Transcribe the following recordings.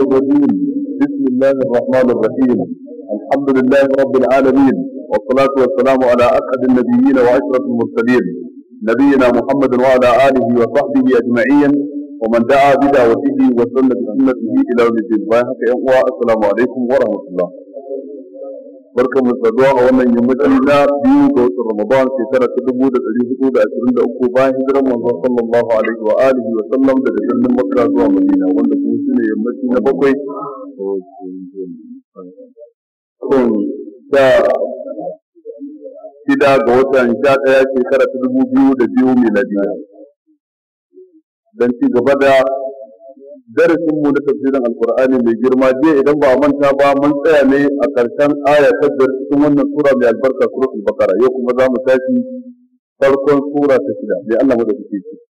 الرجيم بسم الله الرحمن الرحيم الحمد لله رب العالمين والصلاة والسلام على أكد النبيين وعشرة المرسلين نبينا محمد وعلى آله وصحبه أجمعين ومن دعا بدعوته وسنة سنته إلى يوم الدين السلام عليكم ورحمة الله barkan mu saduwa a wannan yammacin na biyu ga watan Ramadan shekara ta dubu da ɗari hudu da ashirin da uku bayan hijiran manzon sallallahu alaihi wa alihi wa sallam daga birnin Makka zuwa Madina wanda kuma shi ne yammaci na bakwai kun da shida ga watan sha ɗaya shekara ta dubu biyu da biyu miladiya don ci gaba da darasin mu na tafsirin alkur'ani mai girma jiya idan ba manta ba mun tsaya ne a karshen aya ta biyar cikin wannan sura mai albarka suratul bakara yau kuma za mu tashi farkon sura ta shida mai Allah mu da kuke ci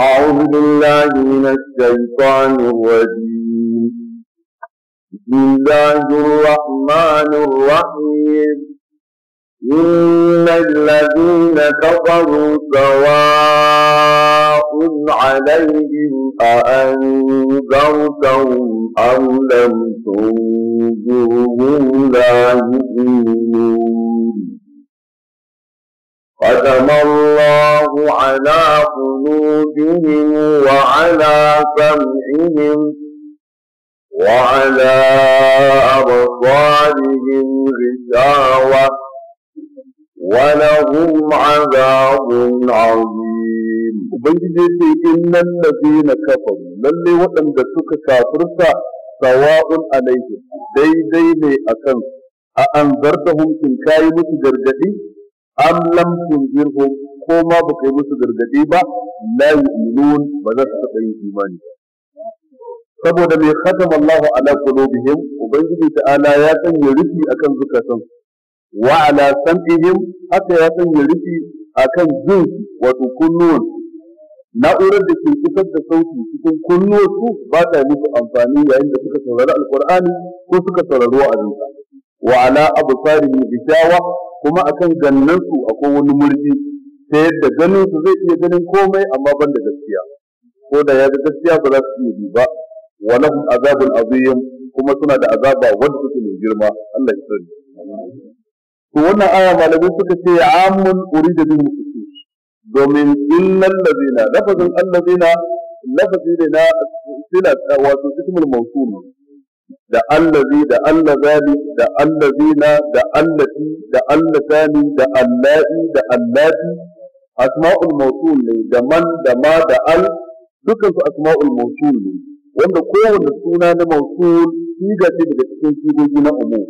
أعوذ بالله من الشيطان الرجيم بسم الله الرحمن إن الذين كفروا سواء عليهم أأنذرتهم أم لم تنذرهم لا يؤمنون ختم الله على قلوبهم وعلى سمعهم وعلى أبصارهم غشاوة ولهم عذاب عظيم ubangiji ce innan ladina kafaru lallai waɗanda suka kafirta sawa'un alaihim daidai ne akan a anzartahum kin kai musu gargadi am lam tunzirhum ko ma baka yi musu gargadi ba la yu'minun ba za su taɓa yin imani saboda mai khatama Allahu ala qulubihim ubangiji ta'ala ya sanya rufi akan zukatansu wa ala sam'ihim haka ya sanya rufi akan jin wato kunnuwan na'urar da ke fitar da sauti cikin kunnuwansu ba ta musu amfani yayin da suka saurari alqur'ani ko suka saurari wa'azinsa wa ala absarihim kyawa kuma akan su akwai wani murji ta yadda ganin su zai iya ganin komai amma ban da gaskiya ko da ya ga gaskiya ba za su iya bi ba wa lahum azabun azim kuma suna da azaba wanda suke mai girma Allah ya sani to wannan aya malamai suka ce ya amun urida bihi khusus domin illal ladina lafazin alladina lafazi ne na sila wato ismul mawsul da allazi da allazali da allazina da allati da allatani da allai da allati asma'ul mawsul ne da man da ma da al dukkan su asma'ul mawsul ne wanda kowanne suna na mawsul shi ga ce daga cikin sigogi na umum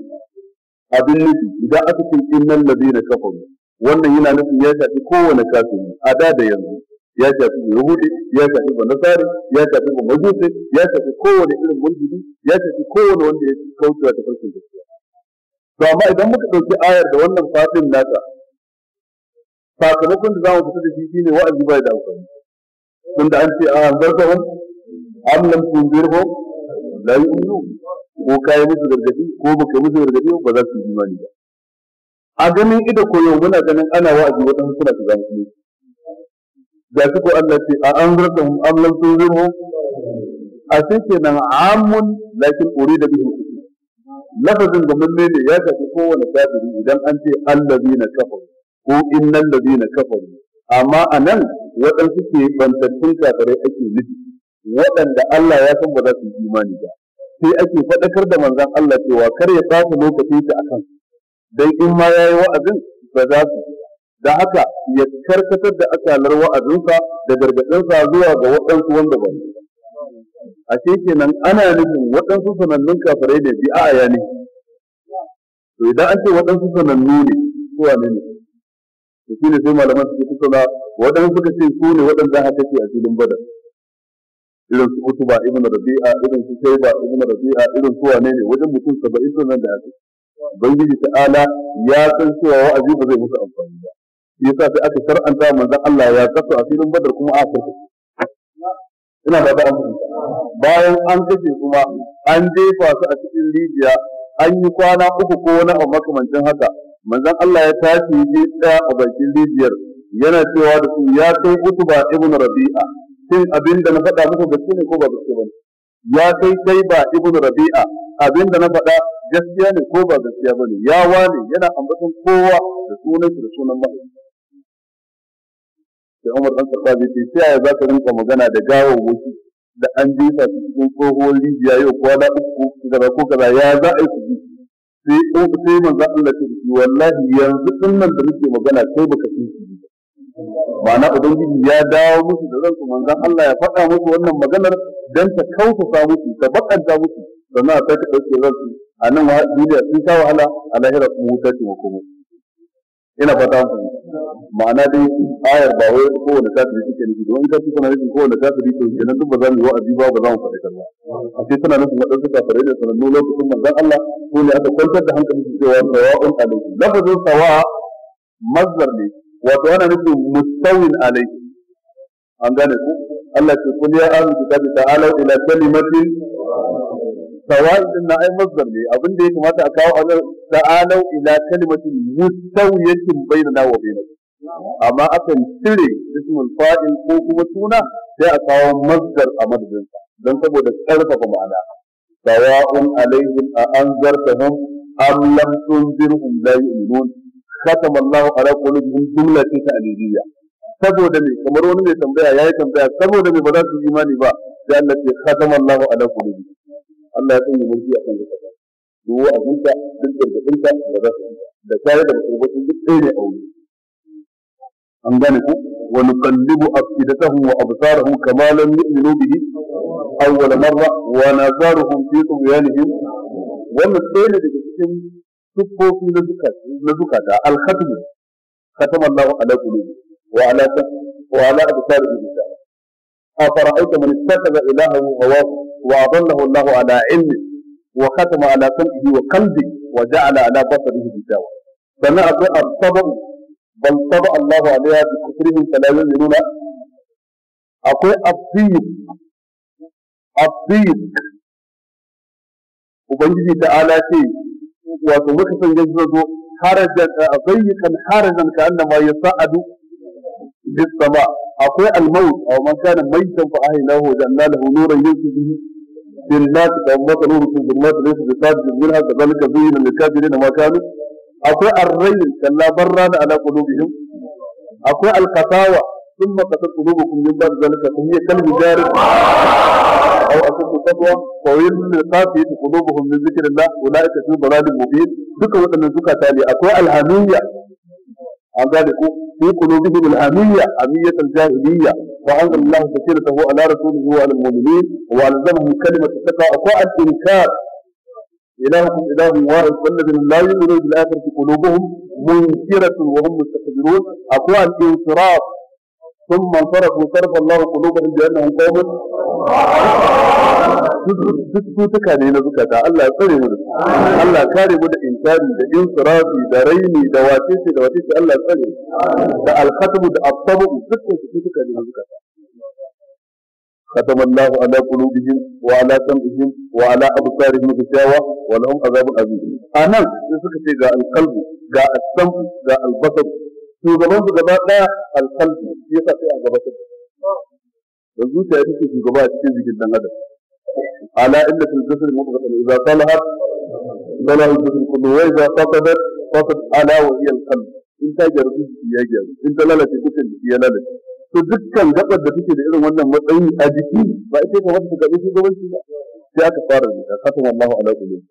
abin nufi idan aka ce innal ladina kafaru wannan yana nufin ya shafi kowane kafiri a da da yanzu ya shafi yahudi ya shafi banasari ya shafi majusi ya shafi kowane irin mulkidi ya shafi kowane wanda ya kauce da farkin gaskiya to amma idan muka dauki ayar da wannan fatin nata sakamakon da zamu fita da shi shine wa'azi bai da amfani tunda an ce a zartahum am lam tunzirhum la yu'minun ko yi musu gargadi ko baka musu gargadi ba za su yi imani ba a ganin ido ko yau muna ganin ana wa'azi wadansu suna ta ne ga su ko Allah ce a an zurta hum am lam tunzirhum a sai nan amun lakin da bihu lafazin da mun ne ya tafi kowane kafiri idan an ce na kafaru ko innal na kafaru amma anan waɗansu ke bantattun kafirai ake nufi waɗanda Allah ya san ba za su yi imani ba sai ake faɗakar da manzon Allah cewa kar ya ɓata lokacin shi akan dan in ma yayi wa'azin ba za su ji da haka ya karkatar da akalar wa'azinsa da gargaɗinsa zuwa ga waɗansu wanda ba a ce kenan ana nufin waɗansu sanannun kafirai ne bi'a ya ne to idan an ce waɗansu sanannu ne ko wane ne to shine sai malaman suke tattauna waɗansu suka ce su ne waɗanda aka ce a filin badar irin su kutuba ibn rabi'a irin su shaiba ibn rabi'a irin su wane ne wajen mutum saba'in sun nan da haka ubangiji ta'ala ya san cewa wa'azi ba zai musu amfani ba yasa sai aka shar'anta manzon Allah ya kasu a filin badar kuma a kasu ina ba da bayan an kashe kuma an jefa su a cikin rijiya an yi kwana uku ko wani abu makamancin haka manzon Allah ya tashi ya je a bakin rijiyar yana cewa da su ya san kutuba ibn rabi'a shin abin da na faɗa muku gaske ne ko ba gaske ba ya kai kai ba ibnu rabi'a abin da na faɗa gaskiya ne ko ba gaskiya ba ne ya wane yana ambaton kowa da sunan da sunan mahaifi sai Umar dan Khattabi ce sai za ka rinka magana da gawawwaki da an jefa su cikin tsohuwar rijiya yau da uku kaza ko kaza ya za a yi su ji sai ko sai manzo Allah ce wallahi yanzu din da muke magana kai baka san shi ma'ana ubangiji ya dawo musu da ransu manzon Allah ya faɗa musu wannan maganar dan ta kautata musu ta bakanta musu sannan a sake ɗauke ransu a nan duniya sun sha wahala a lahira sun wuta ce kuma ina fata mu ma'ana dai ayar ba wai ta kafiri suke nufi don ka ci suna wanda kowane kafiri to kenan duk ba za mu yi wa'azi ba ba za mu faɗi ba a ce suna nufin waɗansu kafirai da sanannu lokacin manzon Allah ko ne aka kwantar da hankalin cewa sawa'un alaikum lafazin sawa mazhar ne wato ana nufin mustawin alai an gane ku Allah ce kul ya ahlul kitabi ta'ala ila kalimatin sawa'in din na ai masdar ne abin da ya kamata a kawo azar ta'ala ila kalimatin mustawiyatin bainana wa bainakum amma akan cire ismul fa'il ko kuma suna sai a kawo masdar a madadin sa dan saboda karfafa ma'ana sawa'un alaihim a anzartahum am lam tunzirhum la yu'minun khatama Allah ala qulubihim jumla ce ta alidiyya saboda me kamar wani mai tambaya yayi tambaya saboda me ba za su yi imani ba sai Allah ce khatama Allah ala qulubihim Allah ya sanya mulki a kan kasa duwa abinta duk da abinta ba za su da tare da musulmi duk ɗaya ne aure an gane ku wa marra wannan daga cikin siffofi na duka na duka ta alkhatmu Allahu ala qulubi wa ala wa ala a fara'aita man istakaza ilahu hawa wa adallahu Allahu ala wa katama ala wa qalbi wa ja'ala ala basarihi hijawa sana abu al-sabab bal taba Allahu alayha bi kufrihim fala yu'minuna akwai abdiyyib abdiyyib ubangiji ta'ala ce wato muka san ya zo zo harajan eh, a harajan ka annama ya sa'adu bisama akwai almaut aw man kana maytan fa ahlahu janna lahu nuran yusu bihi bil mat da mata nuru su bil mat laysa bi sad min hada zalika zuyina lil kafirin ma kanu akwai arrayl kalla barrana ala qulubihim akwai alqatawa ثم قصد قلوبكم من بعد ذلك فهي كالمجارب أو أشد خطوة طويل من القاف في قلوبهم من ذكر الله أولئك في ضلال مبين ذكر أن الزكاة تالي أقوى الهامية عن ذلك في قلوبهم الهامية أمية الجاهلية وأنزل الله سكينته على رسوله وعلى المؤمنين وألزمه كلمة التقى أقوى الإنكار إلهكم إله واحد والذين لا يؤمنون بالآخرة في قلوبهم منكرة وهم مستكبرون أقوى الانصراف ثم انصرفوا صرف الله قلوبهم بأنهم قوم cututtuka ne na zukata Allah ya tsare mu da Allah kare mu da insani da insirafi da raini da wacece da wacece Allah ya tsare da alkhatabu da asabu dukkan cututtuka ne na zukata bihin, bihin, wa wa ala abu الله على قلوبهم وعلى سمعهم وعلى a غشاوه ولهم A nan, انا suka ce ga alqalb ga as ga al-basar shugaban su gaba ɗaya alqalb shi yasa sai a gabatar da zuciya take shugaba a cikin jikin dan adam ala inna fil jasad mudghatan idza salahat salaha al-jasad kullu wa idza fasadat fasad ala wa hiya al-qalb in ta gyaru ya gyaru in ta lalace dukkan ya lalace to dukkan gabar da take da irin wannan matsayi a jiki ba ita ka wata gabe shi ba sai aka fara da khatam Allahu ala qulubi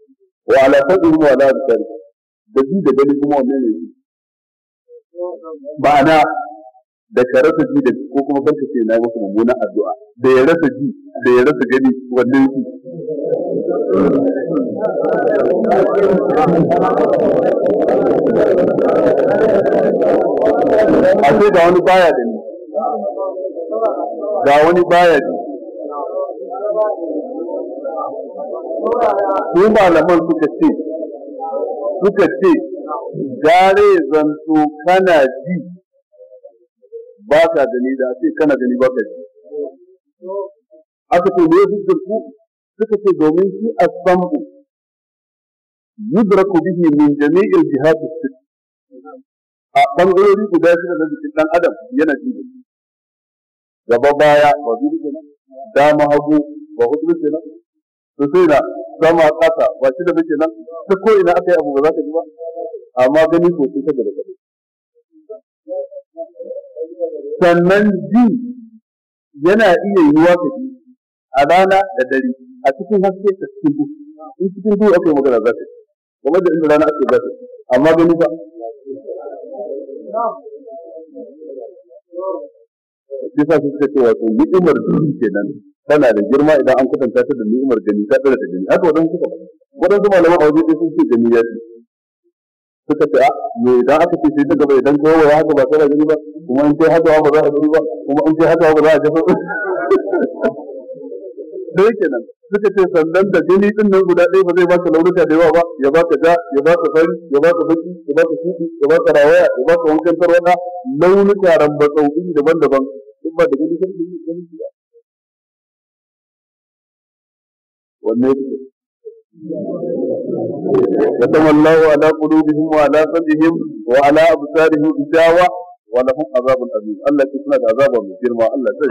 wa ala tadru wa ala da ji da gani kuma wannan ne ma'ana da ka rasa ji da ko kuma kanka ce na maka mummunan addu'a da ya rasa ji da ya rasa gani wannan shi a ce ga wani baya da ni ga wani baya da ni malaman suka ce suka ce gare zanto kana ji ba ka gani da sai kana gani ba ka gani aka ce ya fi ku suka ce domin shi as-sam'u yudraku bihi min jami'il jihadi sit a bangarori guda da na jikin ɗan adam yana ji gaba baya ba zuri nan, dama hagu ba hudu kenan su sai na sama ƙasa ba shi da muke nan ta ko ina aka yi abu ba za ka ji ba amma gani ko ta gaba gaba sannan ji yana iya yiwuwa wa kaji a rana da dare a cikin haske da cikin duk in cikin duhu aka yi magana za ta yi kamar da inda rana ake za ta yi amma gani ba shi sa suka ce wato ni'imar gani kenan tana da girma idan an kwatanta ta da ni'imar gani ta tsara ta gani haka waɗansu ba waɗansu malaman a waje sun ce gani ya ce suka ce a ah, me idan aka ce sai daga bai dan kowa ya haka ba sai gani ba kuma in sai haka ba za a gani ba kuma in sai haka ba za a gani ba sai kenan suka ce sannan da jini din nan guda ɗaya ba zai ka launuka da yawa ba ya ba ka ja ya ba ka fari ya ba ka baki ya ba ka shuɗi ya ba ka rawaya ya ba ka wankan tarwaɗa launuka ba iri daban-daban in ba da gani sai da yi ba wanne yake ختم الله على قلوبهم وعلى سمعهم وعلى أبصارهم إجاوة ولهم عذاب أليم ألا يكون عذاب من جرما الله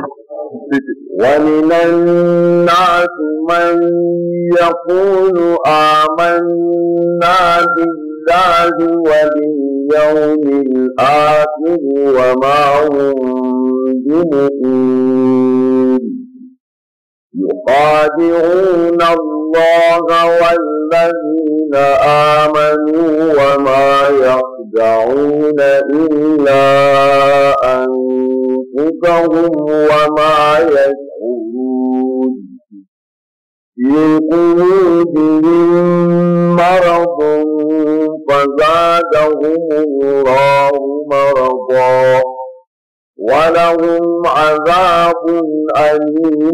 ومن الناس من يقول آمنا بالله وباليوم الآخر وما هم بمؤمنين يخادعون الله الله والذين آمنوا وما يخدعون إلا أنفسهم وما يشعرون في قلوبهم مرض فزادهم الله مرضا ولهم عذاب أليم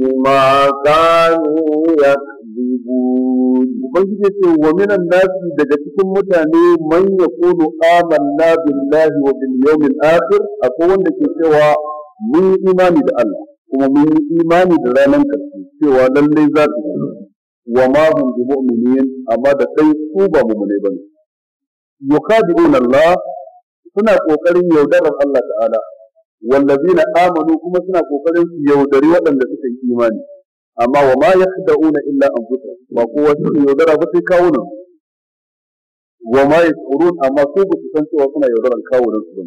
بما كانوا يكذبون وبنجد ومن الناس دجتكم متاني من يقول آمنا بالله وباليوم الآخر أقول لك سوى من إيمان الله ومن إيمان yi imani da ranar ƙarshe cewa lallai za su wa ma hum bi mu'minin suna kokarin yaudarar Allah ta'ala wallazina amanu kuma suna kokarin su yaudari waɗanda suka yi imani amma wa ma yakhda'una illa anfusahum ba kowa su yaudara ba sai kawunan wa ma yashurun amma su ba su san cewa suna yaudaran kawunan su ba?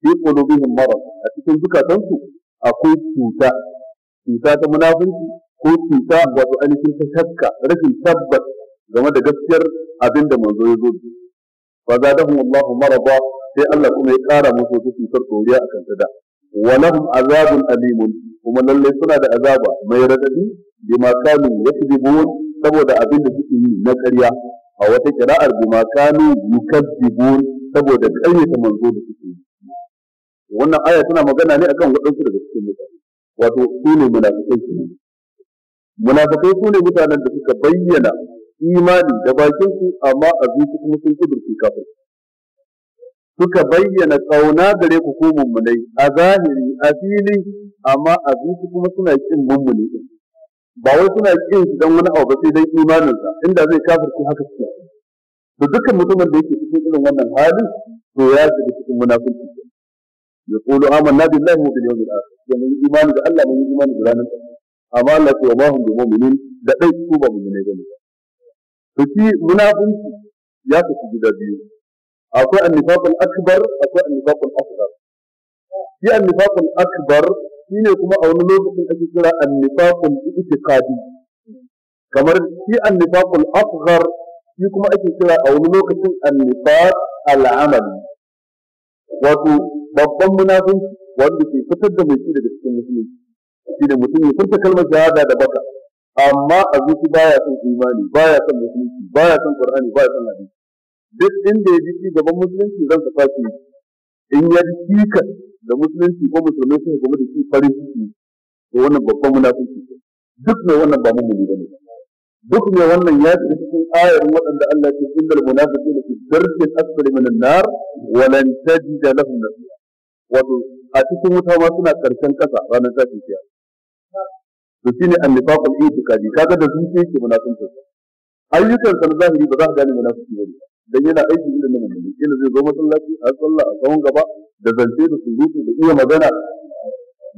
fi qulubihim marad a cikin zukatansu akwai cuta cuta ta munafunci ko cuta wato ainihin ta shakka rashin tabbas game da gaskiyar abin da manzo ya zo fa zadahum Allahu marada sai Allah kuma ya kara musu wata cutar koriya a kan da wa lahum azabun alimun kuma lalle suna da azaba mai radadi bima kanu yakdibun saboda abin da suke yi na ƙarya a wata kira'ar bima kanu yukazzibun saboda ta manzo da suke yi wannan aya tana magana ne akan waɗansu daga cikin mutane wato su ne munafikai su ne munafikai su ne mutanen da suka bayyana imani da bakin su amma a zuci kuma sun kudurce kafin suka bayyana kauna gare ku ko mummunai a zahiri a fili amma a zuci kuma suna kin mummuni din ba wai suna kin su dan wani abu ba sai dan imanin sa inda zai kafirci haka suke to dukkan mutumin da yake cikin irin wannan hali to ya shiga cikin munafiki yaqulu amanna billahi wa bil yawmil akhir yana imani da Allah ne imani da ranar amma Allah ko ba hum bi mu'minin da dai ku ba mu ne ba to shi munafiki ya kasu gida biyu akwai annifaqul akbar akwai annifaqul asghar shi annifaqul akbar shine kuma a wani lokacin ake kira annifaqul Itikadi. kamar shi annifaqul asghar shi kuma ake kira a wani lokacin annifaq al'amali wato babban munafinci wanda ke fitar da mai shi daga cikin musulunci shi da mutum ya furta kalmar jihada da baka amma a zuci baya son imani baya son musulunci baya son qur'ani baya son hadisi duk inda ya ji ci gaban musulunci zan tafa shi in ya ji cikas da musulunci ko musulmai suka gaba da shi farin ciki to wannan babban munafiki ne duk ne wannan ba mummuni bane duk ne wannan ya ji cikin ayar waɗanda Allah ya ce innal munafiqina fi darkin asfali min an-nar wa lan tajida lahum nasira wato a cikin wuta ma suna karshen kasa ranar tashin kiyama to shine annifaqul itiqadi kaga da zuciya yake munafikin ayyukan sa ba za ka gane munafiki ba. dan yana aiki irin na mummuni kila zai zo masallaci a sallah a tsawon gaba da zance da surutu da iya magana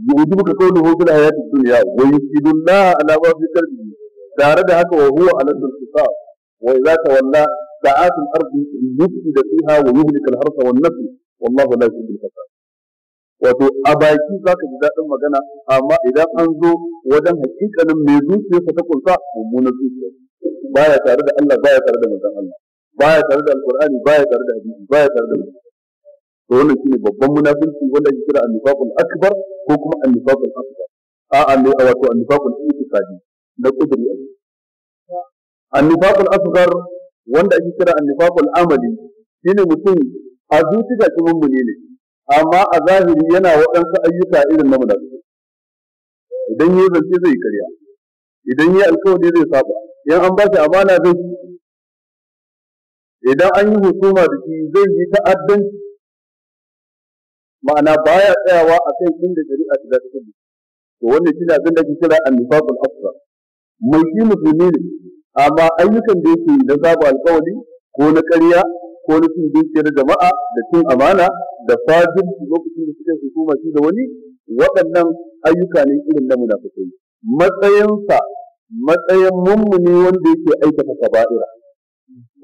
yudu ka kawo hu fil hayati dunya wa yusidullah ala ma fi qalbi tare da haka wa huwa ala al-qisas wa idza tawalla sa'at al-ard yufsidu fiha wa yuhlik al-harsa wan nafs wallahu la yuhibbu al-fasad wato a baki zaka ji dadin magana amma idan an zo wajen hakikanin mai zuciyarsa ta kunsa mummunan zuciya baya tare da Allah baya tare da manzon Allah baya tare da alkur'ani baya tare da hadisi baya tare da to wannan shine babban munafiki wanda ake kira annifaqul akbar ko kuma annifaqul akbar a'a ne wato annifaqul itiqadi na kudri a annifaqul akbar wanda ake kira annifaqul amali shine mutum a zuciya ga mun mu ne amma a zahiri yana waɗansu ayyuka irin na munafiqai idan yayi zance zai karya idan yi alkawari zai saba Yan an ba shi amana zai idan an yi hukuma da shi zai yi ta'addanci ma'ana baya tsayawa a kan inda shari'a ta zata kudu to wannan shi ne abin da ake kira annifaqul asghar mai shi musulmi ne amma ayyukan da yake na zaba alƙawari ko na ƙarya ko na cin dukiyar jama'a da cin amana da fajin lokacin da suke hukuma shi da wani waɗannan ayyuka ne irin na munafikai matsayinsa matsayin mummuni wanda yake aikata kaba'ira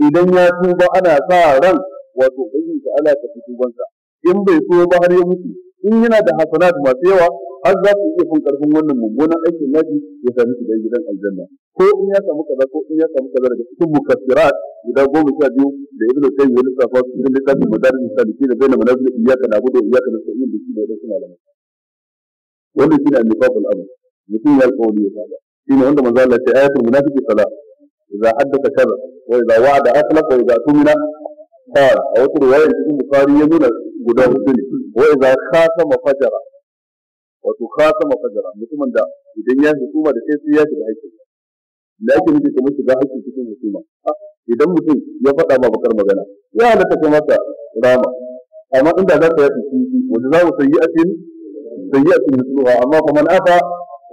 idan ya tuba ana sa ran wato bayin da ala ta tubansa in bai so ba har ya mutu in yana da hasanat masu yawa har za ku iya fin karfin wannan mummunan aikin naji ya sami shi da gidan aljanna ko in ya samu kaza ko in ya samu kaza daga cikin mukaffirat guda goma sha biyu da ibnu qayyim ya lissafa su da littafin madarin saliki da bayyana manazil iyyaka na'budu wa iyyaka nasta'in da shi da wadansu malamai wannan ne annifaqul amr mutum ya alƙawari ya shi ne wanda manzo Allah ya ce ayatul munafiqi salat إذا حدث كذا وإذا وعد أخلف وإذا أؤمن قال أو رواية البخاري يمين guda hudu ne wa idza khatama fajara wato khatama fajara mutumin da idan ya hukuma da sai sai ya shiga haƙƙi lakin yake kuma shiga haƙƙi cikin hukuma idan mutum ya faɗa ba bakar magana ya halatta kai masa rama amma inda za ka yafi shi wanda za mu mutuwa amma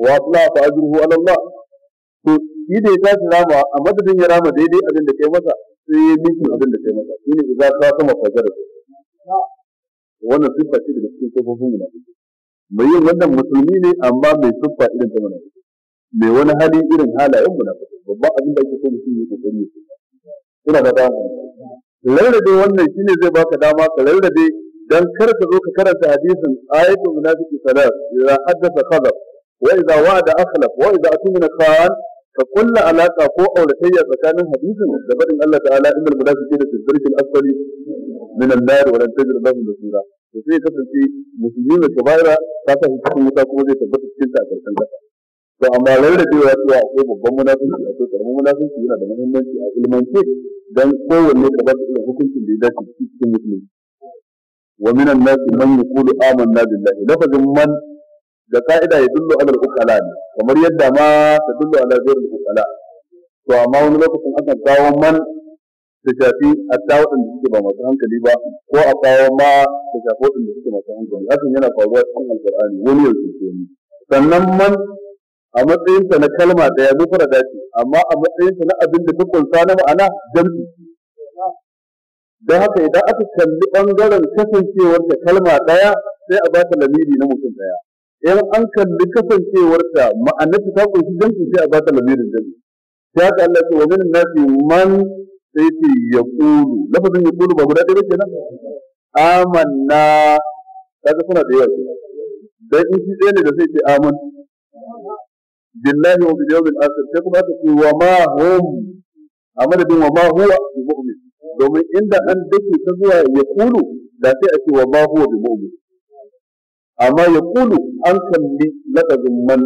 wa fa shi da ya tashi rama a madadin ya rama daidai abin da kai masa sai ya miki abin da kai masa shi ne za ta sama su? wannan siffa ce daga cikin sifofin munafiki mai yin wannan musulmi ne amma mai siffa irin ta munafiki mai wani hali irin halayen munafiki babban abin da ake so mutum ya kokari ya ina da dama rarrabe wannan shine zai baka dama ka rarrabe dan kar ka zo ka karanta hadisin ayatul munafiqi salat idza haddatha kadhab wa idza wa'ada akhlaf wa idza atumina khan ka kulla alaka ko auratayya tsakanin hadisin da barin Allah ta'ala Inda innal munafiqina fi dhirkil asfali min an-nar wa lan tajid lahum nasira to sai kasance musulmi da kabaira ta ta cikin wuta kuma zai tabbata cikin ta karshen kasa to amma rarrabewa cewa akwai babban munafiki akwai karamin munafiki yana da muhimmanci a ilmance dan kowanne ka ba su irin hukuncin da ya dace cikin musulmi wa min an-nas man yaqulu amanna billahi lafazin man da ka'ida ya dullo alal ukala ne kamar yadda ma ta dullo ala zairul ukala to amma wani lokacin aka kawo man ta shafi hatta waɗanda suke ba masu hankali ba ko a kawo ma ta shafi waɗanda suke masu hankali hakan yana faruwa cikin alƙur'ani wani ya ce ni sannan man a matsayin sa na kalma da ya zufara dace amma a matsayin sa na abin da ta kunsa na ma'ana jam'i don haka idan aka kalli bangaren kasancewar da kalma ɗaya sai a ba ta lamiri na mutum ɗaya in an kalli kasancewarta ma'anarta ta kunshi jam'i sai a bata lamirin dan ta ka Allah ce wa min nasi man sai ce kulu lafazin kulu ba guda ɗaya nan amanna kaga suna da yawa dan in shi ɗaya ne da sai ce aman billahi wa bil yawmil akhir sai kuma ta ce wa ma hum a bin wa ma huwa bi mu'min domin inda an dake ta zuwa kulu da sai a ce wa ma huwa bi mu'min amma ya kulu. an kalli lafazin man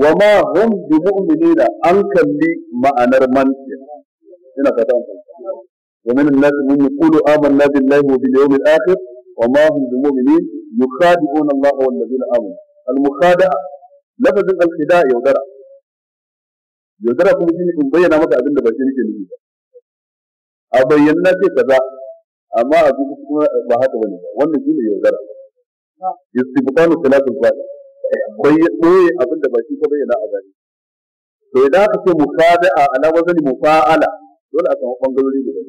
wa ma hum bi mu'minina an kalli ma'anar man ina fata an wa min an-nas man yaqulu amanna billahi wa bil yawmil akhir wa ma hum bi mu'minin yukhadi'una Allah wal ladina amanu al-mukhada'a lafazin al-khida' yaudara yaudara kuma shine in bayyana maka abin da ba shi nake nufi ba a bayyana ce kaza amma a duk kuma ba haka bane ba wannan shine yaudara istibqalu salatul zahir sai ya doye abin da ba shi ka bayyana a gari. to idan aka ce mukada'a ala wazani mufa'ala dole a samu bangarori guda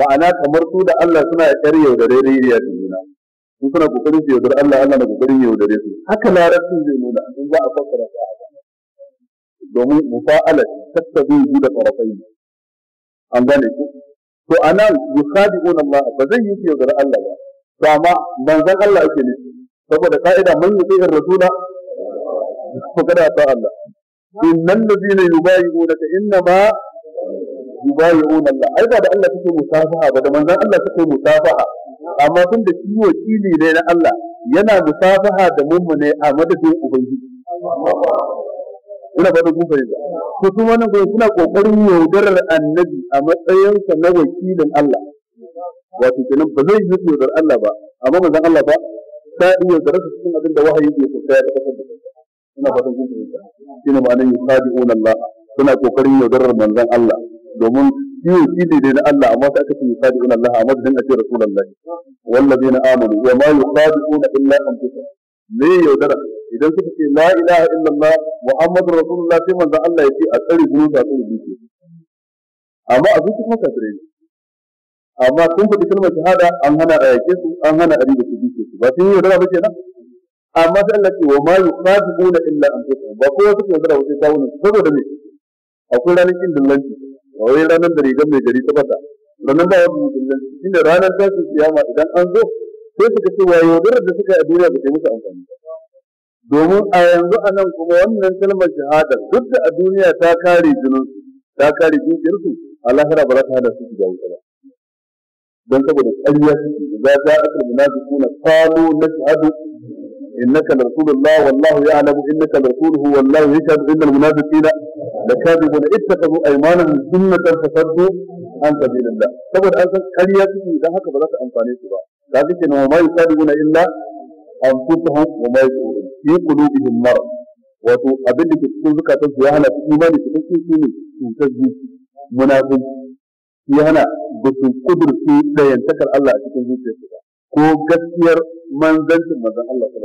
ma'ana kamar su da Allah suna da dare riya da juna su suna kokarin su yaudar Allah Allah na kokarin yaudare su haka larabcin zai nuna in za a fassara ta domin mufa'ala tattabi bi da farafai an gane ku to anan yukhadi'una Allah ba zai yi yaudar Allah ba to ban manzon Allah ake ne saboda ka'ida man yuti'ir rasula faqad ta Allah innal ladina yubayyi'unaka innama yubayyi'una Allah ai ba da Allah take musafaha ba da manzon Allah take musafaha amma tun da shi wakili ne na Allah yana musafaha da ne a madadin ubangiji ina ba da gufar da ko kuma nan gurin suna kokarin yaudarar annabi a matsayinsa na wakilin Allah wato kenan ba zai yi yaudar Allah ba amma manzon Allah ba ta yi yaudar su cikin abin da wahayi ke tafiya da kasar da kansa ina fatan kun fahimta shine ma'anar yusadi'un Allah suna kokarin yaudarar manzon Allah domin yiwu shi ne na Allah amma sai aka ce yusadi'un Allah amma da dan ake rasulullahi wallazina amanu wa ma yusadi'una illa an anfusahum me yaudara idan suka ce la ilaha illallah Muhammadu rasulullah sai manzon Allah ya ce a tsare gurin sa tsare amma a kuma kafire ne amma sun faɗi kalmar shahada an hana a yake su an hana a riba su bi su ba sun yi yaudara ba kenan amma sai Allah ce wa ma yuqatiluna illa anfusuhum ba kowa ke yaudara wajen kawunan su saboda me akwai ranar kin dillanci ba wai ranar da rigar mai gari ta fata ranar ba wani dillanci shine ranar tashin siyama idan an zo sai suka ce wa yaudarar da suka yi a duniya ba ta musu amfani ba domin a yanzu a nan kuma wannan kalmar shahada duk da a duniya ta kare jinin ta kare dukiyarsu a lahira ba za ta hada su shiga wuta ba don saboda ƙarya suke idza ja'aka almunafiquna qalu nashhadu innaka rasulullah wallahu ya'lamu innaka rasuluhu wallahu in Da wani ita innal munafiqina lakadibun ittakhadhu aymanahum sunnatan fasaddu an sabilillah saboda an san ƙarya suke dan haka ba za ta amfane su ba da kake na mai sadibuna illa an anfusuhum wa ma yashurun fi qulubihim mara. wato abin da ke cikin zukatan ya hana su imani su kace shi ne cutar zuci munafiki shi hana ba su kudurci dayantakar Allah a cikin zuciyarsu ba ko gaskiyar manzancin manzon Allah Ba za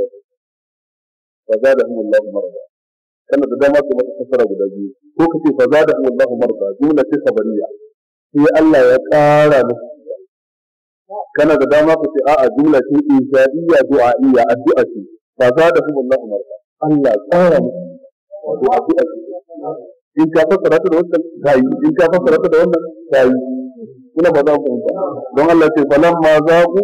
wasallam fa zadahum Allahu marada kana da dama ka mata fasara guda biyu ko ka ce fa zadahum Allahu marada jimla ce sabariya sai Allah ya ƙara musu kana da dama ka ce a'a jumla ce insa'iyya du'a'iyya addu'a ce fa zadahum Allahu marada Allah ƙara musu wato addu'a ce in ka fassara ta da wannan tayi in ka fassara ta da wannan tayi Kuna ba za ku huta don Allah ce falan ma za ku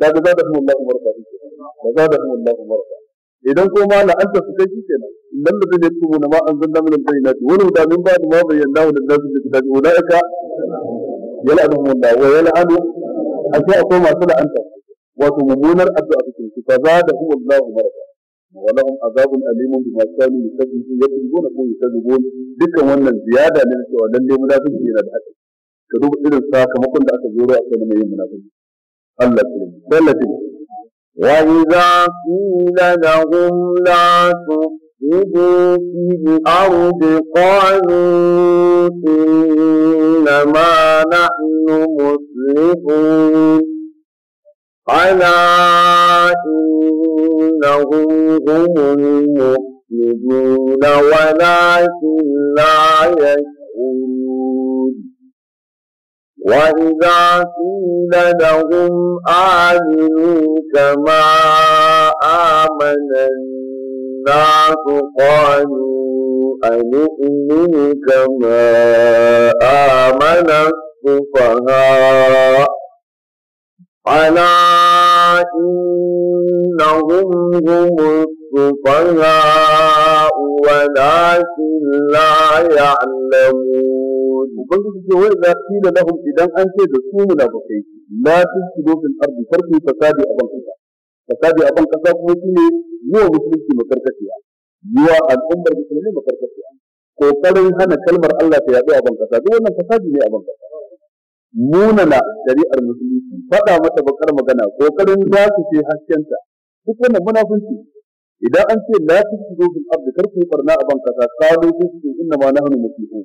da ga zada mu Allah za da zada mu Allah barka idan ko ma la'anta su kai kenan nan da zai tubu na ma an zanna min bayyinati wani da min ba da ma bayyana wa da su da kitabi ulaika yal'anu Allah wa yal'anu a sai akwai masu la'anta wato mummunar addu'a cikin su kaza da kuma Allah barka ولهم عذاب أليم بما كانوا يكذبون يكذبون أو يكذبون ذكر وأن الزيادة لنسوا لن يمنافق إلى الحديث ka duba irin sakamakon da aka zoro a kan mai yin munafiki Allah ya tsare wa idza qila lahum la تفسدوا في الأرض قالوا إنما نحن مصلحون ألا إنهم هم المفسدون ولكن لا يشعرون وإذا قيل لهم آمنوا كما آمن الناس قالوا أنؤمن كما آمن السفهاء ألا إنهم هم السفهاء ولكن لا يعلمون ubangiji ce wai za ki da lahum idan an ce da su munafikai la tusidu fil ardi farqu fasadi aban kasa fasadi aban kasa kuma shine yiwa musulunci makarkashiya yiwa al'ummar musulmi makarkashiya kokarin hana kalmar Allah ta yaɗu a ban kasa duk wannan fasadi ne a ban kasa munana shari'ar musulunci faɗa mata bakar magana kokarin za su ce haskenta duk wannan munafunci idan an ce la tusidu fil ardi farqu barna aban kasa qalu tusidu inna ma nahnu muslimun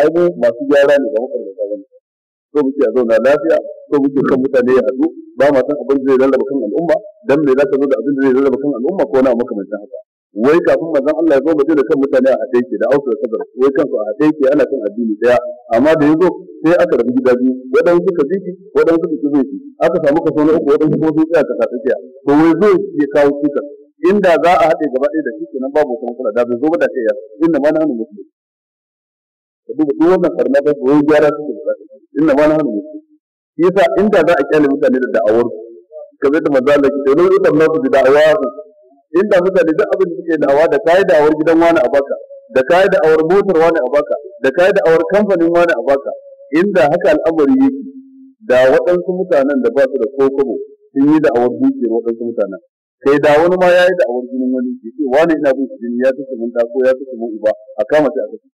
ai mu masu gyara ne ba makarnata ba ne so muke a zauna lafiya so muke kan mutane ya haɗu ba ma san abin zai lallaba kan al'umma dan me zaka zo da abin zai lallaba kan al'umma ko na makamancin haka wai kafin manzon Allah ya zo bace da kan mutane a haɗe ke da ausu da sadar wai kansu a haɗe ke ana kan addini daya amma da yazo sai aka rabu gida biyu wadan suka bi ki wadan suka ki aka samu kaso na uku wadan kuma sun tsaya ka tsaya to wai zo ya kawo cutar inda za a haɗe gaba ɗaya da shi kenan babu kuma kula da bai zo ba da kai ya inda ma na hannun musulmi ka duba duk wannan barna da goyi gyara suke da zaka inna ma nahnu yasa inda za a kyale mutane da da'awar Ka kamar da manzo Allah ke wani utan nasu da da'awar inda mutane duk abin da suke da'awa da kai da'awar gidan wani a baka da kai da'awar motar wani a baka da kai da'awar kamfanin wani a baka inda haka al'amari yake da waɗansu mutanen da ba su da kokobo sun yi da'awar dukiyar waɗansu mutanen sai da wani ma ya yi da'awar jinin wani ke ce wani ina bin jini ya tafi mun ko ya tafi mun uba a kama shi a tafi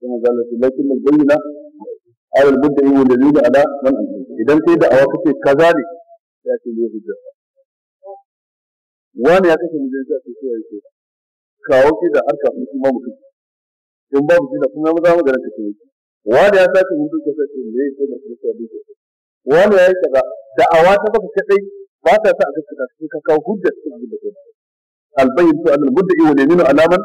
kuma zalla ce lakin na bayyana ayal budda yi da zuwa ada man idan sai da awa kace kaza ne ya ce ne hujja wani ya kace mijin sai ce ya ce kawo ki da harka mu kuma mu kace in babu jina da kuma mu da mu ga ranka ce wani ya sace mun duka sai ce ne ko da kuma ya duka wani ya yi kaza da awa ta baka kadai ba ta sa a gaskata sai ka kawo hujja cikin da kai albayyin to al budda yi wa da alaman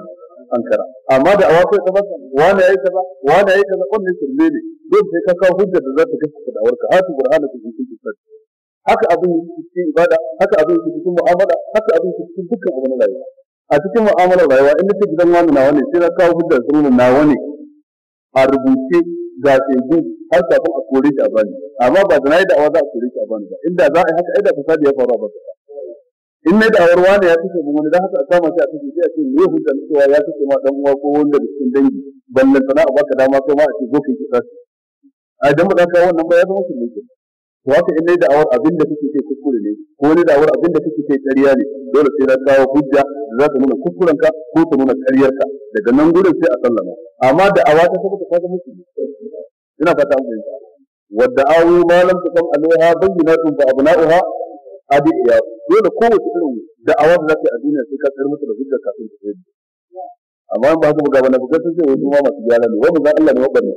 ankara amma da awakai ta masa wani yi kaza wani yi kaza ya shirme ne don sai ka kawo hujjar da za ta kashe haka hatu da ta cikin kitab haka abin yi cikin ibada haka abin yake cikin mu'amala haka abin yake cikin dukkan abin rayuwa a cikin mu'amalar rayuwa in nake gidan wani nawa ne sai na kawo hujjar sunan nawa ne a rubuce ga tsegu har kafin a kore shi a bani amma ba da nayi da'awa za a kore shi a bani ba inda za a yi haka ai da fasadi ya faru a bani in na dawar wani ya kashe wani da haka a kama shi a cikin sai a ce me hujja ne cewa ya kashe ma dan uwa ko wanda da cikin dangi ballan sana a baka dama ko ma a ce zofin kai kisa a idan ba ka wannan ba ya zama shirme ke to haka in na dawar abin da kake ce kuskure ne ko ni dawar abin da kake ce ƙarya ne dole sai na kawo hujja za ta nuna kuskurenka ko ta nuna ƙaryarka daga nan gurin sai a sallama amma da awa ta saboda ka zama shirme ina fata an fahimta wadda awu ma lam tukam alaiha bayyinatun fa abna'uha adi iya dole kowace irin da'awar da zaka yi a duniya sai ka tsar musu da hujjar kafin ka yi amma ba haka ga wannan bukatar sai wasu ma masu gyara ne wani zan Allah ne wabanne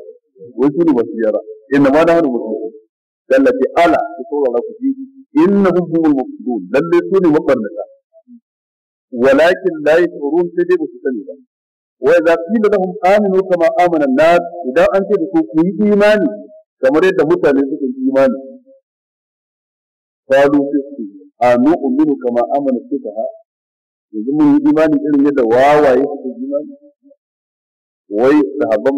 wai su ne masu gyara inna ma nahnu muslimun dallati ala ku saurara ku ji innahum humul mufsidun lalle su ne wabanne walakin la yashurun sai dai ba su sani ba wa idza qila lahum aminu kama amana an-nas idan an ce da ku ku yi imani kamar yadda mutane suka yi imani قالوا سيسكي آنو أمين كما آمن السفهاء imani irin yadda wawaye suke imani wai sahabban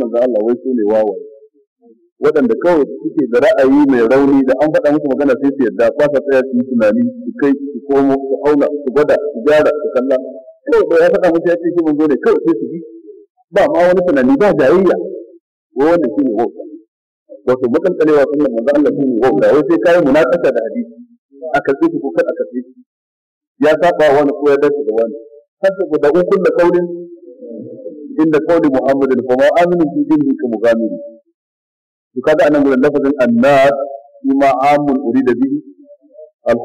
waɗanda kawai suke da ra'ayi mai rauni da an faɗa musu magana sai su yadda ba sa tsaya su yi tunani su kai su komo su auna su gwada su gyara su kalla kawai bai ya faɗa musu ya ce shi manzo ne kawai sai su bi ba ma wani tunani ba jayayya ko wanda shi ne wato sunan manzo Allah shi ne wauta wai sai kayan munakasa da hadisi a karɓe ko a karɓe ya saba wani ko ya dace da wani hatta ku da ukun da kaulin inda kauli muhammadin fa ma aminu fi dinihi ka mugamiri to kada anan gurin lafazin annas shi ma amul da bihi al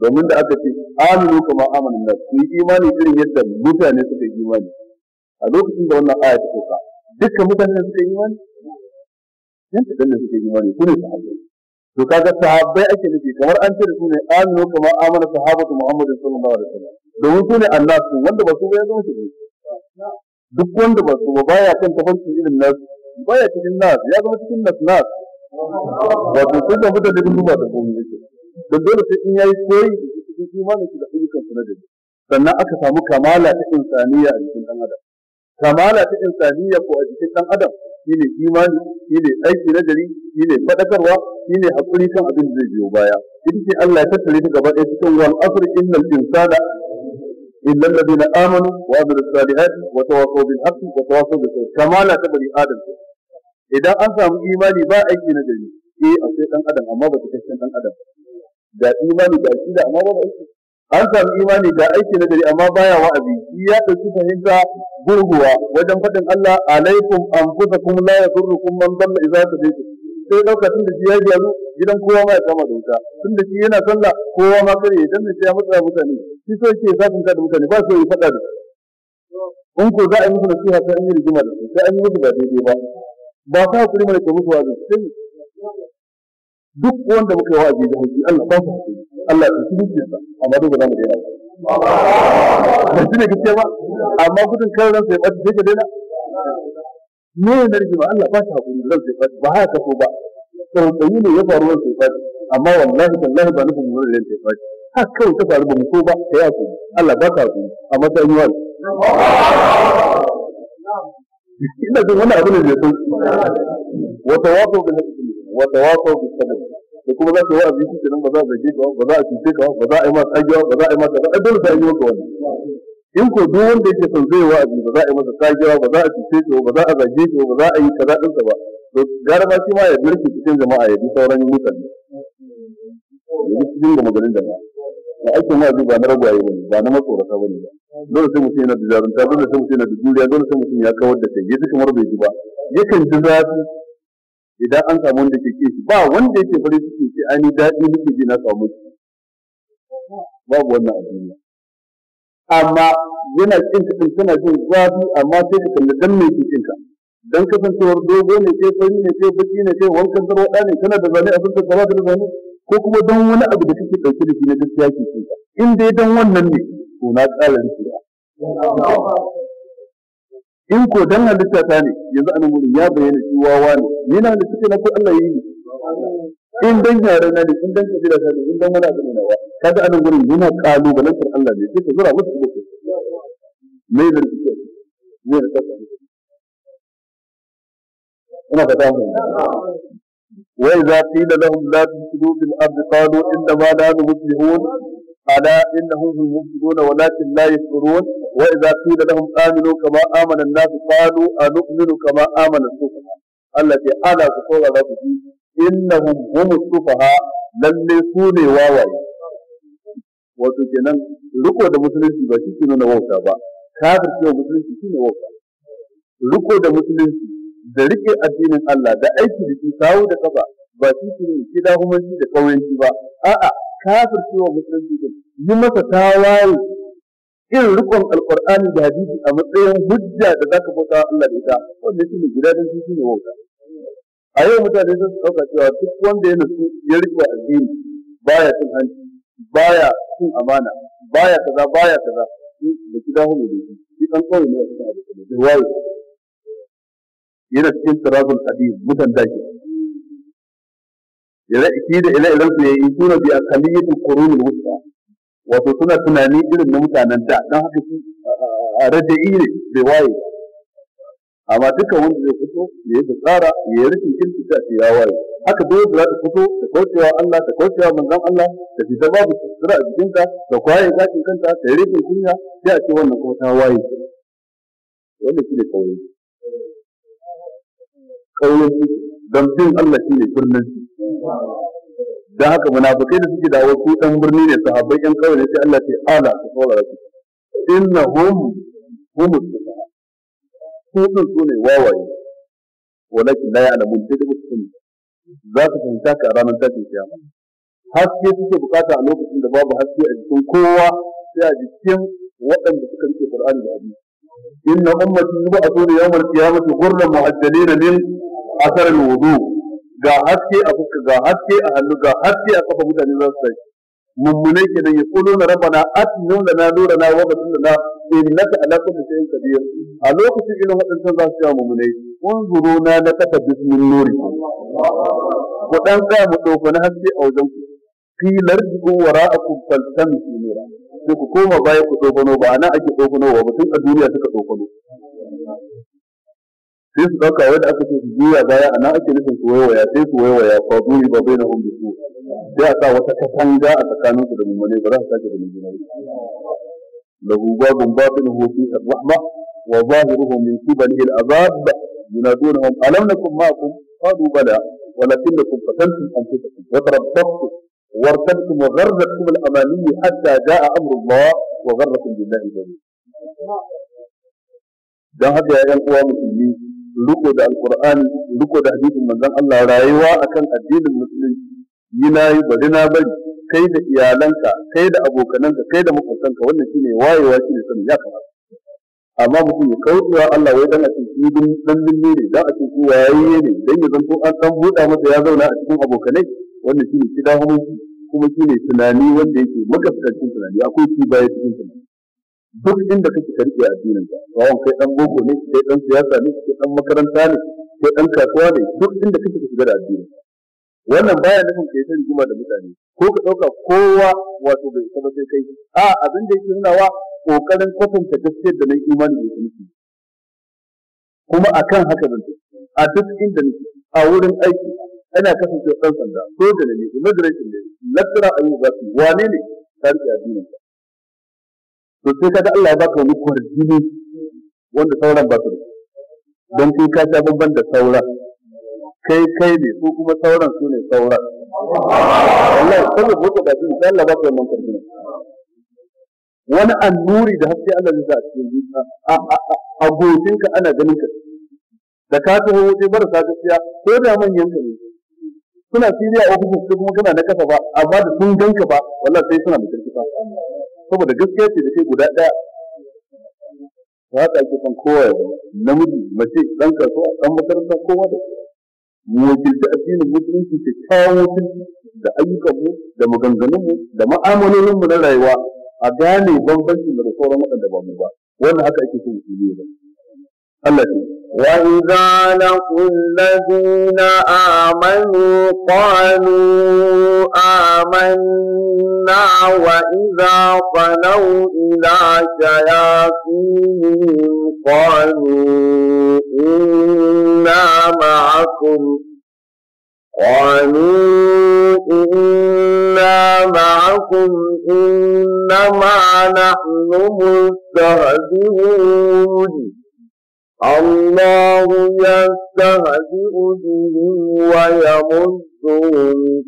domin da aka ce aminu kuma amanu nas ku yi imani irin yadda mutane suka yi imani a lokacin da wannan aya ta soka dukkan mutane suka yi imani yan kadan suka yi imani ku ne sahabbai to kaga sahabbai ake nufi kamar an ce da su ne aminu kama amana sahabatu muhammadin sallallahu alaihi wasallam domin su ne annasu wanda ba su ba ya zama shi duk wanda ba su ba baya kan tafarki irin nasu baya cikin nas, ya zama cikin nas, nasu ba su sun da mutane sun duba da komai yake don dole sai in yayi koyi cikin imanin da ayyukan su na dabi sannan aka samu kamala ta insaniya a jikin dan adam kamala ta insaniya ko a jikin dan adam Shi shine imani ne aiki na gari shi ne faɗakarwa, shi ne haƙuri kan abin da zai biyo baya ita ce Allah ya tattare ta gaba ɗaya cikin wal asr innal insana illa alladhina amanu wa amilus salihati wa tawassaw bil haqqi wa tawassaw bis sabr kama la tabri adam idan an samu imani ba aiki na gari eh akwai dan adam amma ba cikakken dan adam Da imani da aqida amma ba aiki an samu imani ga aiki na gari amma baya wa'azi shi ya ɗauki fahimta gurguwa wajen faɗin Allah alaikum anfusakum la yadurrukum man dalla idza tadaytum sai ɗauka tun da shi ya gyaru gidan kowa ma ya kama da wuta tun da shi yana sallah kowa ma kare ya danna sai ya mutsa mutane shi so yake sa tunta da mutane ba so ya faɗa da su in ko za a yi musu nasiha sai an yi rigima da su sai an yi musu ba daidai ba ba ta hakuri mana ku musu wa'azi sai duk wanda muka yi wa'azi da mu Allah ba su hakuri Allah ya ci dukkan a amma duk za mu daina ba shi ne kike ba amma gudun kallon sai ba sai ka daina ne ne rike ba Allah ba ta hakuri zan sai ba haka ko ba tsautsayi ne ya faru sai amma wallahi tallahi ba nufin mun rike ba har ta faru ba mu ko ba ya ko Allah ba ka hakuri amma ina abu ne da wa wa ko kuma za ka yi wa'azi shi ba za a zage ka ba za a cuce ka ba za a yi masa tsagewa ba za a yi masa kaza ai dole sai an yi maka wani. in ko duk wanda yake son zai wa'azi ba za a yi masa tsagewa ba za a cuce ka ba za a zage ka ba za a yi kaza din ba to gara ma shi ma ya birki cikin jama'a ya bi sauran mutane ya bi cikin gama garin da ba aikin wa'azi ba na ragwaye ba ba na matsorata ba ne ba dole sai mutum yana da jarumta dole sai mutum yana da juriya dole sai mutum ya kawar da kai ya ji kamar bai ji ba yakan ji zafi idan an samu wanda ke ke ba wanda yake fari suke ce ani daɗi muke ji na samu babu wannan a duniya amma yana cin kaɗan, tana jin zafi amma sai ka kalli dan me ke kinka dan kasancewar dogo ne ke fari ne ke baki ne kai wankan zarwada ne kana da zane abin da zara da zane ko kuma dan wani abu da kake dauke da shi na gaskiya ke kinka in dai dan wannan ne to na tsara rikiya in ko dan halitta ta ne yanzu anan gurin ya bayyana shi wawa ne ni na halitta na ko Allah ya yi ne in dan yare na ne in dan kabila ta ne in dan wani abu ne na ba anan gurin yana kalu ga lantar Allah ne sai ka zura musu ko mai da kike ne da kake kuma ka dawo wa idza qila lahum la tusidu bil ard qalu inna ma la nuslihun ala innahum hum mufsidun walakin la yashkurun wa idza qila lahum aminu kama amana an-nas qalu anu'minu kama amana as-sufaha Allah ya ala ku kowa za ku ji innahum hum sufaha lalle su ne wawaye wato kenan riko da musulunci ba shi ke nuna wauta ba kafir ce musulunci shi ne wauta riko da musulunci da rike addinin Allah da aiki da shi kawo da kafa ba shi ke nuna gida da shi da kauyanci ba a'a kafir ce musulunci din yi masa tawaye irin rikon alqur'ani da hadisi a matsayin hujja da zaka bauta Allah da ita wanda shi ne gidajen shi ne wauta a yau mutane sun ɗauka cewa duk wanda ya nutsu ya rike addini baya cin hanci baya cin amana baya kaza baya kaza da gidan hulu da shi ɗan kawai ne a cikin addini da wayo yana cikin sirabul hadith mutan Ya ila shi da ila ilan su yayi suna bi akaliyatul qurun al-wusta wato suna tunani irin na mutanen da dan haka shi rajai ne bai wayo amma dukkan wanda zai fito ya yi tsara ya yi rikin kirki ta ya waye haka dole da za ta fito ta kaucewa Allah ta kaucewa manzon Allah ta fita babu tsira a jikinta ta kwaye zakin kanta ta yi rikin kunya sai a ce wannan kuma ta waye wanda shi ne kauye kauye don bin Allah shi ne birnin don haka munafukai da suke dawo su dan birni ne su sahabbai yan kauye ne sai Allah ya ala ta saurara su innahum humus su ɗin su ne wawaye walakin la ya'lamun sai da mutum za su fahimta ka a ranar tashin kiyama haske suke bukata a lokacin da babu haske a jikin kowa sai a jikin waɗanda suka rike Qur'ani da hadisi inna ummati yub'atuna yawmal qiyamati ghurran mu'ajjalin min athar al-wudu ga haske a fuska ga haske a hannu ga haske a kafa mutane za su tashi mummunai kenan ya kulo na rabana atinu da na nura na wa batun da innaka ala kulli shay'in qadir a lokacin irin waɗannan za su yi mummunai unzuru na da kata bismin nuri ku dan tsaya mu dauko na haske a wajen ku filar jiku wara'akum faltamisu nura Duk ku koma baya ku dogono ba nan ake dogono wa batun a duniya suka dogono sai su ɗauka wanda aka ce su juya baya a nan ake nufin su waiwaya sai su waiwaya fa duri ba bai na hun bisu sai a sa wata katanga a tsakanin su da mummune ba za su sake da mummune lahu babun batinuhu fi ar-rahma wa zahiruhu min qibalihi al-azab ينادونهم ألم نكن معكم قالوا بلى ولكنكم قتلتم أنفسكم وتربصتم وارتبتم وغرتكم الأماني حتى جاء أمر الله وغركم بالله جميعا. ده هذا يا أخوة مسلمين riko da alqur'ani riko da hadisin manzon Allah rayuwa akan addinin musulunci yi yi bari na bari kai da iyalanka kai da abokananka kai da makwabtanka wannan shine wayewa shine sanin ya kamata amma mutum ya kaucewa Allah wai dan a cikin shi dan binne ne dan a cikin wayaye ne dan ya zanto an dan buɗa masa ya zauna a cikin abokanai wannan shine kidahumanci kuma shine tunani wanda yake magaskacin tunani akwai shi baya cikin tunani duk inda kake karɓe addinin ka kawai kai dan boko ne kai dan siyasa ne kai dan makaranta ne kai dan kasuwa ne duk inda kake ka shiga da addini wannan baya nufin kai sai rigima da mutane ko ka ɗauka kowa wato bai kuma sai kai a abin da yake nunawa kokarin kwatanta gaskiyar da na imani da kuma kuma akan haka zan a duk inda nake a wurin aiki ana kasancewa dan sanda soja ne ne immigration ne lakira ayyuka wane ne ka rike addinin ka to sai kaga Allah ya baka wani kwarjini wanda sauran ba su da don kai ka sha bamban da sauran kai kai ne ko kuma sauran su ne sauran Allah saboda mutu da shi sai Allah yi wannan kwarjini wani annuri da haske Allah zai sa a cikin zuciya a ka ana ganin ka da ka ta taho waje marasa gaskiya ko da manyan ka ne suna filiya ofishin su kuma kana na kasa ba amma da sun ganka ba wallahi sai suna ba saboda gaskiya ce da kai guda ɗaya ta haka ake son kowa ya namiji mace ɗan kasuwa ɗan makaranta kowa da mu wakilci addinin musulunci ke kawo da ayyukanmu da maganganunmu da ma'amalolinmu na rayuwa a gane bambanci da sauran waɗanda ba mu ba wannan haka ake son musulmi ya ba. وإذا لقوا الذين آمنوا قالوا آمنا وإذا خلوا إلى شياطينهم قالوا إنا معكم قالوا إنا معكم إنما نحن مستهزئون الله يستهزئ بهم ويمدهم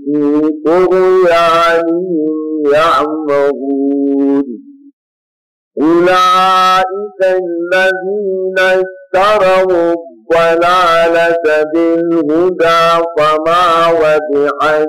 في طغيانهم يعمهون أولئك الذين اشتروا الضلالة بالهدى فما وبحت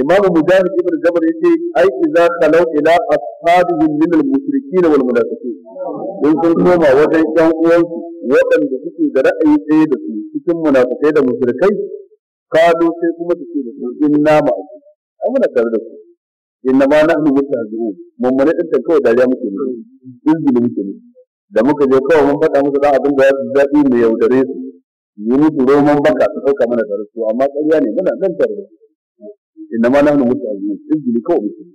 imamu mujahid ibn jabr yace ai idza kalau ila ashabihim min al-mushrikeen wal munafiqin in san koma wajen ɗan uwansu waɗanda suke da ra'ayi ɗaya da su cikin munafikai da mushrikai kalu sai kuma su ce da su inna ma ai da da su inna ma nahnu mustahzi'un mun mana dinta kawai dariya muke ne ji muke ne da muka je kawai mun faɗa musu da abin da ya zabi mai yaudare su ni duro mun baka su ɗauka mana da su amma ƙarya ne muna nan tare da su inna ma nahnu mutazzimun izgili kawai mutum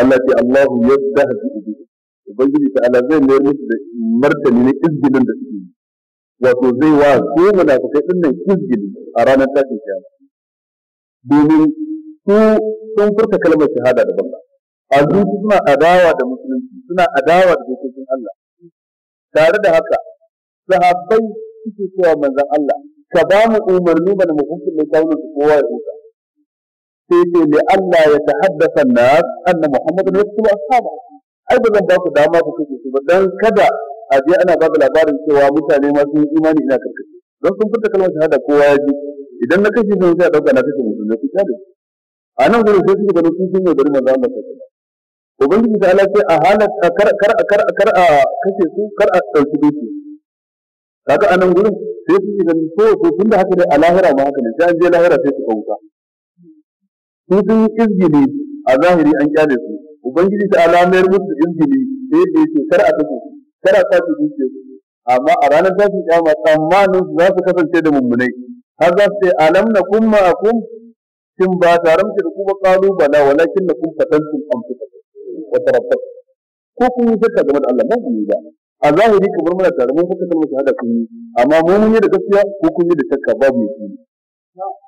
Allah ce Allahu yastahzi bi ubangiji ta Allah zai mayar musu da martani ne izgilin da suke yi wato zai wa su munafikai din nan izgili a ranar tashin kiyama domin su sun furta kalmar shahada da banza a zuci suna adawa da musulunci suna adawa da dokokin Allah tare da haka sahabbai suke cewa manzon Allah ka ba mu umarni mana mu hukunta kawunan kowa ya hukunta sai ce li Allah ya ta haddasa na anna Muhammadun yaqtulu ashaba ai ba zan ba ku dama ku kace su ba dan kada a je ana ba da labarin cewa mutane ma sun imani ina karkace don sun fita kalmar shahada kowa ya ji idan na kashe sun sai ɗauka na kashe mutum da fita da a nan gurin sai suka gano sun sun mai bari maza Allah ta kuma ubangiji ta Allah sai a halatta kar kar kar kar a kashe su kar a ɗauki duki kaga a nan gurin sai suke ganin ko to tunda haka ne a lahira ma haka ne sai an je lahira sai su kauta sun sun yi izgili a zahiri an kyale su ubangiji ta alamayar musu izgili sai da yake kar a tafi kar a tafi zuciya su amma a ranar tashin kiyama tsammanin su za su kasance da mummunai har za su ce alam na kun ma'akum shin ba tare da ku ba kalu bala walakin na kun fatantum amfuka wa tarabbat ko kun yi shakka game da Allah ba kun yi ba a zahiri kamar muna tare mun kuka kalmar shahada kun yi amma mu mun yi da gaskiya ko kun yi da shakka babu yake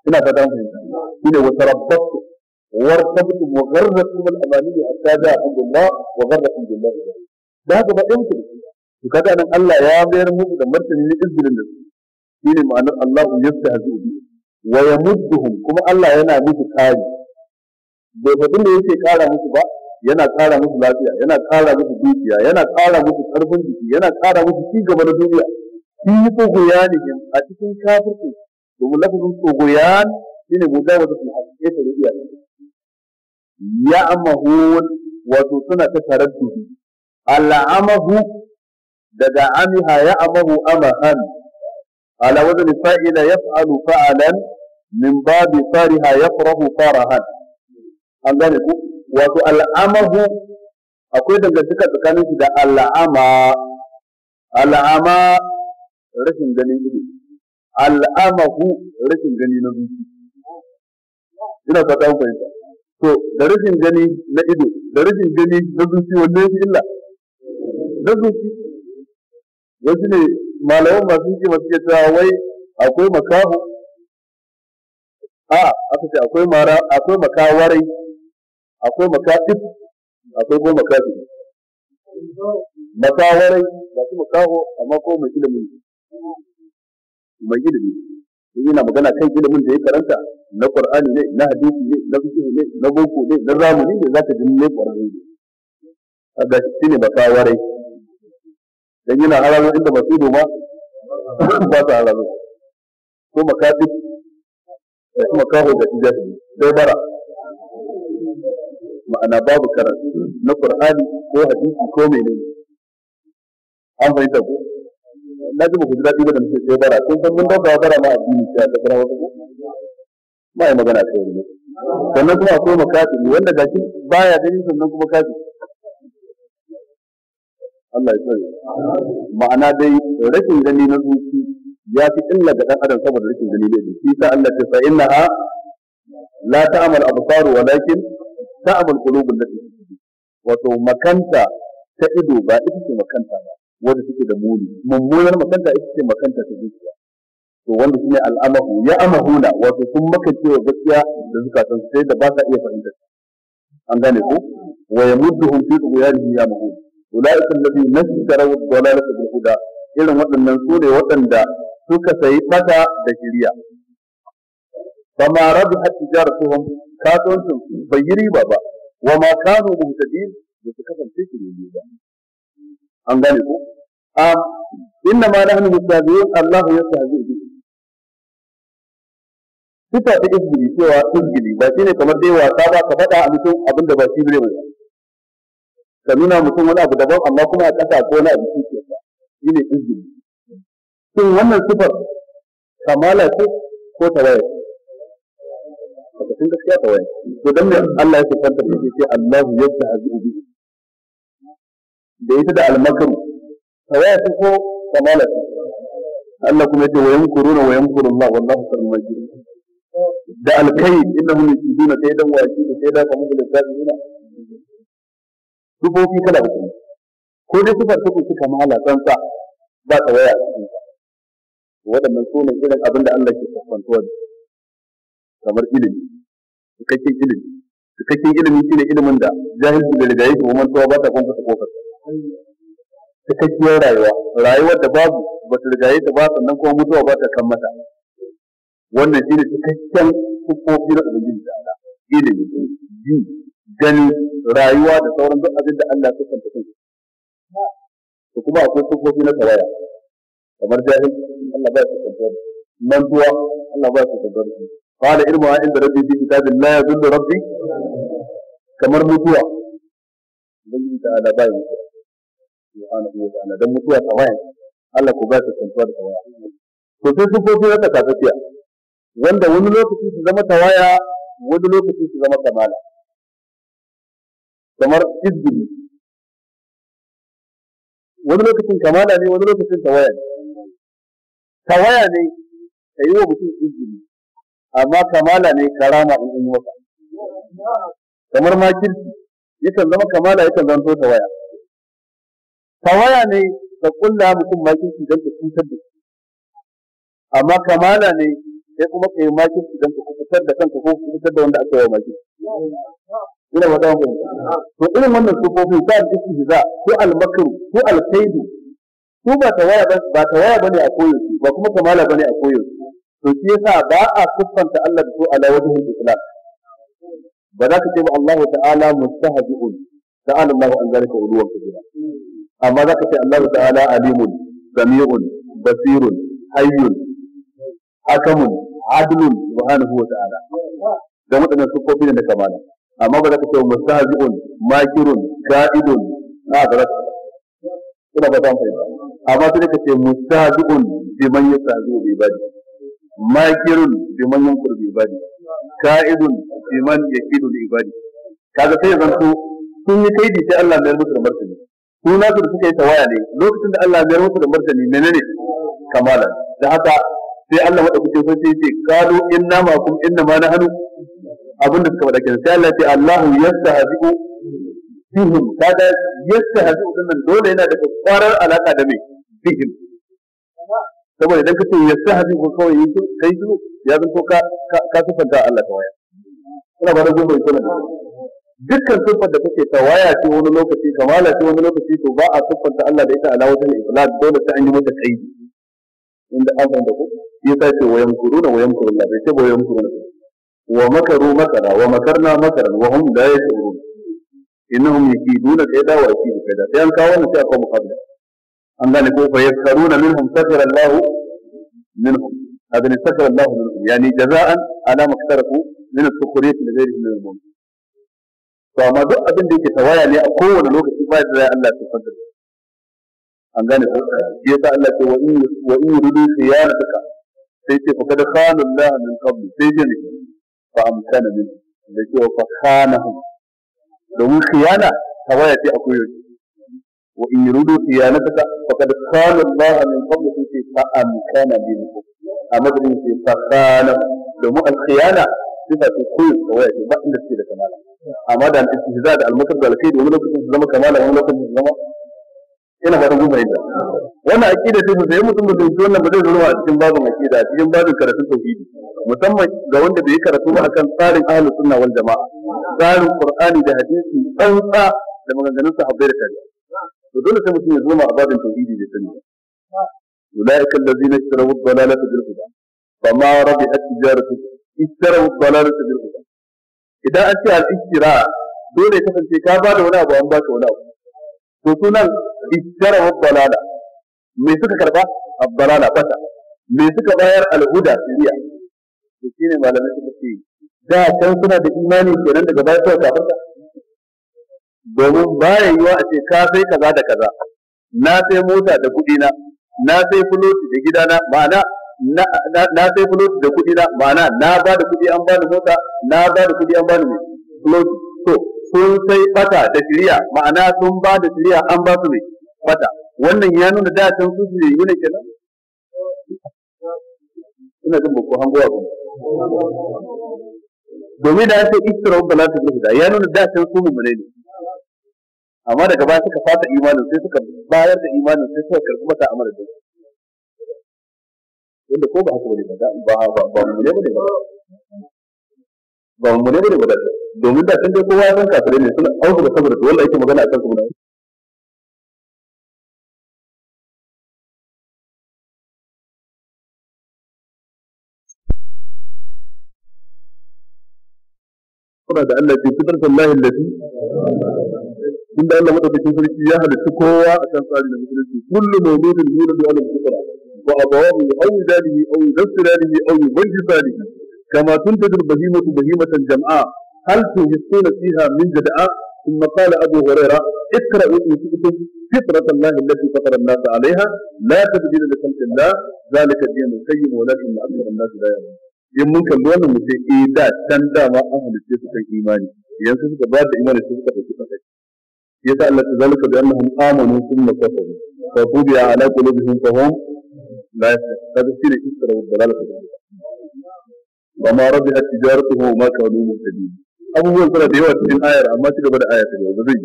ina fata mun fahimta shine wa tarabbat وارتبتم وغرتكم الأماني حتى جاء أمر الله وغرتكم بالله الغريب da haka ba ɗan kirki to kaga nan Allah ya bayar mu da martani na izinin da su shine ma'anar Allah yastahzi bi wa yamudduhum kuma Allah yana musu bai fadin da yake kara musu ba yana ƙara musu lafiya yana ƙara musu dukiya yana ƙara musu karfin jiki yana ƙara musu ci gaba na duniya shi yi ne a cikin kafirku domin lafazin tsogoyan shine mujawazatu al ta rubiya ya'mahun wato suna ta taraddudu al'amahu daga amiha ya'mahu amahan ala wajen fa'ila yaf'alu fa'alan min babi fariha yafrahu farahan an gane ku wato al'amahu akwai dangantaka tsakanin shi da al'ama al'ama rashin ganin ido al'amahu rashin gani na zuci ina fata fahimta to da rashin gani na ido da rashin gani na zuci wanne shi illa na zuci wasu ne malaman masu yi masu ke cewa wai akwai makahu a aka ce akwai mara akwai makawarai akwai makatif akwai ko makafi makawarai ba su makaho amma ko mai ilimin mai ilimi yana magana kan ilimin da ya karanta na qur'ani ne na hadisi ne na fiqh ne na boko ne na zamani ne zaka ji ne qur'ani ne kaga shine ba kaware dan yana hararo inda ba su ba ba ta hararo ko makatib da kuma kaho da tijahi dai bara ma'ana babu karatu na qur'ani ko hadisi ko menene an ta ko na ji ku ji daɗi ba da muke sai bara kun san mun dabba bara ma addini sai da bara wata ko ma yi magana kai ne sannan kuma akwai makafi wanda gashi baya gani sannan kuma kafi Allah ya tsare ma'ana dai rashin gani na zuci ya fi illa ga dan adam saboda rashin gani da shi sa Allah ya sa innaha la ta'mal absar walakin ta'mal qulub allati wato makanta ta ido ba ita ce makanta ba wanda suke da muni mummunar makanta ita ce makanta ta zuciya to wanda shine al'amahu ya amahuna wato sun maka cewa gaskiya da suka san sai da ba sa iya fahimta an gane ko wa yamudduhum fi tughyanihi ya mahun ulaika alladhi nasdaru dalalata bil huda irin waɗannan su ne waɗanda suka sayi fata da shiriya fama rabihat tijaratuhum kasuwancin bai yi riba ba wa ma kanu muhtadin da su kasance shiriyu ba an gane ko a ah, inna ma nahnu mustahzi'un Allahu yastahzi'u bi sifa ta izgili cewa izgili ba shine kamar dai wasa ba ka faɗa a mutum abinda ba shi bane ba ka nuna mutum wani abu daban amma kuma a ƙasa ko wani abu shi ke shi ne izgili shin wannan sifar kamala ce ko tawaye? ce baka sun gaskiya tawaya to dan me Allah ya sifanta da shi Allahu yastahzi'u da ita da almakaru tawaya ta ko kamalata Allah kuma yake wayan kuruna wayan yamkuru wallahu khairul da alkai innahum da sai da kuma da. fa mudda duk dubofi kala uku ko dai sifar ta kuci kamala sa, ba tawaya a cikin ta waɗannan irin abin da Allah ke kwantuwa da kamar ilimi cikakken ilimi cikakken ilimi shine ilimin da jahilci da rigayi ko mantuwa ba ta kwanta ta kofar cikakkiyar rayuwa rayuwar da babu ba ta rigaye ta ba sannan kuma mutuwa ba ta kan mata wannan ne cikakken sufofi na ubangiji da Allah ilimi ji gani rayuwa da sauran duk abin da Allah ya kanta kai to kuma akwai sufofi na tsaraya kamar jahil Allah ba ya kanta mantuwa Allah ba ya kanta قال علمها عند ربي في كتاب لا يضل rabbi, kamar mutuwa ubangiji ta ala bai mutuwa subhanahu wa ta'ala dan mutuwa tawaya Allah ku ba ta da waya to sai wanda wani lokaci su zama tawaya wani lokaci su zama kamala kamar izgili wani ne ka yi wa mutum amma kamala ne karama in yi kamar makirci yakan zama kamala yakan zanto tawaya waya ne ka kulla mutum makinci don ka cutar da shi amma kamala ne sai kuma ka yi makinci don ka kubutar da kanka ko kubutar da wanda aka yi makinci ina ba dawo to irin wannan sufofin ta istihza ko al-makru ko al-kaidu ko ba tawaya ba ba tawaya bane a koyo ba kuma kamala bane a koyo to shi yasa ba a kuffanta Allah da su ala wajhul islam ba za ka ce ba Allah ta'ala mustahzi'un ta'ala Allah an zalika uluwan kabira amma za ka ce Allah ta'ala alimun sami'un basirun hayyun hakamun adlun subhanahu wa ta'ala da waɗannan sufofi ne da kamala amma ba za ka ce mustahzi'un makirun ka'idun na ga rasa kuna ba zan fahimta amma sai ka ce mustahzi'un bi man yastahzi'u bi badi makirun bi man yankur bi badi ka'idun bi man yakidu bi badi kaga sai so. sun yi kaidi sai Allah ya musu da martani su da suka yi tawaya ne lokacin da Allah ya musu da martani menene kamala da haka sai Allah madaukakin sarki ce qalu inna ma kum inna ma nahnu abin da suka faɗa kenan sai Allah ya ce Allahu yastahzi'u fihim kada yastahzi'u dinnan dole yana da kwarar alaka da mai fihim saboda idan kace yastahzi'u ko kawai kai su ya zanto ka ka sufanta Allah tawaya kuna ba da gobe kuna dukkan siffar da kake tawaya ce wani lokaci kamala ce wani lokaci to ba a siffanta Allah da ita ala wajen iflad dole sai an yi mata kaidi inda an san da ku yasa ce wayan kuruna wayan kuruna bai ce wayan kuruna wa makaru makara wa makarna makaran wa hum la yashurun innahum yakiduna kaida wa yakidu kaida sai an kawo wannan sai akwai muqabla an gane ko fa yakaruna minhum sakara Allah minhum hadin sakara Allah minhum yani jaza'an ala maktaratu min as-sukhriyati li ghayrihim min al-mu'min to amma duk abin da yake tawaya ne a kowane lokaci ba da zai Allah ya fanta an gane ko shi yasa Allah ce wa in wa in yuridu khiyanataka sai ce fa kada khana Allah min qabl sai ce ne fa amkana min da ce fa khana domin khiyana waya ce a koyaushe wa in yuridu khiyanataka fa kada khana Allah min qabl sai ce fa amkana min a madadin ce fa khana mu al khiyana sifa ce ko da waya ce ba inda suke da kamala amma da al-istihza da al da al-kayd wani lokacin su zama kamala wani lokacin su zama ina fatan kun yadda. wannan aƙida ce sai mutum mutum shi wannan ba zai zama a cikin babin aƙida, a cikin babin karatu tauhidi musamman ga wanda bai karatu ba akan tsarin ahlus sunna wal jamaa tsarin qur'ani da hadisi tsantsa da maganganun sahabbai da tabi'ai to dole sai mutum ya zama a babin tauhidi da sunna ulaika allazina ishtaraw ad-dalalata bil huda fama rabihat tijaratuhum ishtaraw ta bil huda idan an ce al-ishtira dole kasance ka bada wani abu an ba wani abu to sunan ishtaraw dalala me suka karba abdalala fata me suka bayar al-huda siriya to shine malamai su ce da kan suna da imani kenan daga baya ta kafarta domin baya yiwa a ce ka sai kaza da kaza na sai mota da kudi na na sai fuloti da gidana ma'ana na sai float da kuɗi na ma'ana na ba da kuɗi an ba da mota na ba da kuɗi an ba da mai to sun sai bata da shirya ma'ana sun ba da shirya an ba su mai bata wannan ya nuna da can su ne yi ne kenan ina jin bako hango kuma domin da an ce istirahu da lafi da ya nuna da can su mu ne amma daga baya suka fata imanin sai suka bayar da imanin sai suka karɓi mata amana da su wanda ko ba haka bane ba ba ba ba mu ne bane ba ba mu ne bane ba domin da tun da kowa ya san kafirai ne suna auku da saboda wanda ake magana akan su kuna da Allah ke fitar da Allah lati inda Allah madaukakin sarki ya halitta kowa akan tsari da musulunci kullu mawludin yuridu da al-fitra وأبوابه أو ذاله أو يدسر أو يمجز له كما تنتج البهيمة بهيمة جمعاء هل تهسون فيها من جدعاء ثم قال أبو هريرة اقرأوا إن شئتم فطرة الله التي فطر الناس عليها لا تبديل لخلق الله ذلك الدين القيم ولكن أكثر الناس لا يعلمون in mun kalli wannan mu ce eh da can dama an halitta su kan imani yanzu suka ba da imani su suka dauki kai yasa Allah ta zalika bi annahum amanu thumma kafaru fa tubiya ala qulubihim fa hum لا يفلح هذا شيء يشتروا الضلالة وما ربحت تجارته وما كانوا مهتدين abubuwan suna da yawa cikin ayar amma ci gaba da aya ta gaba zai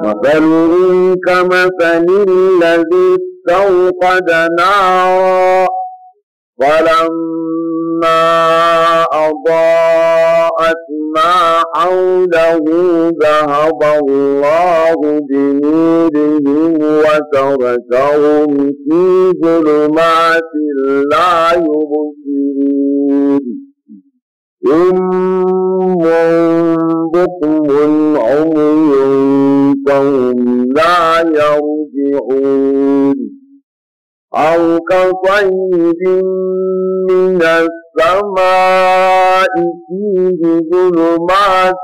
مثلهم كمثل الذي استوقد نارا فلما أضاء وسبقت ما حوله ذهب الله بنورهم وتركهم في ظلمات لا يبصرون أم بكم عمي فهم لا يرجعون أو كطيب من السماء فيه ظلمات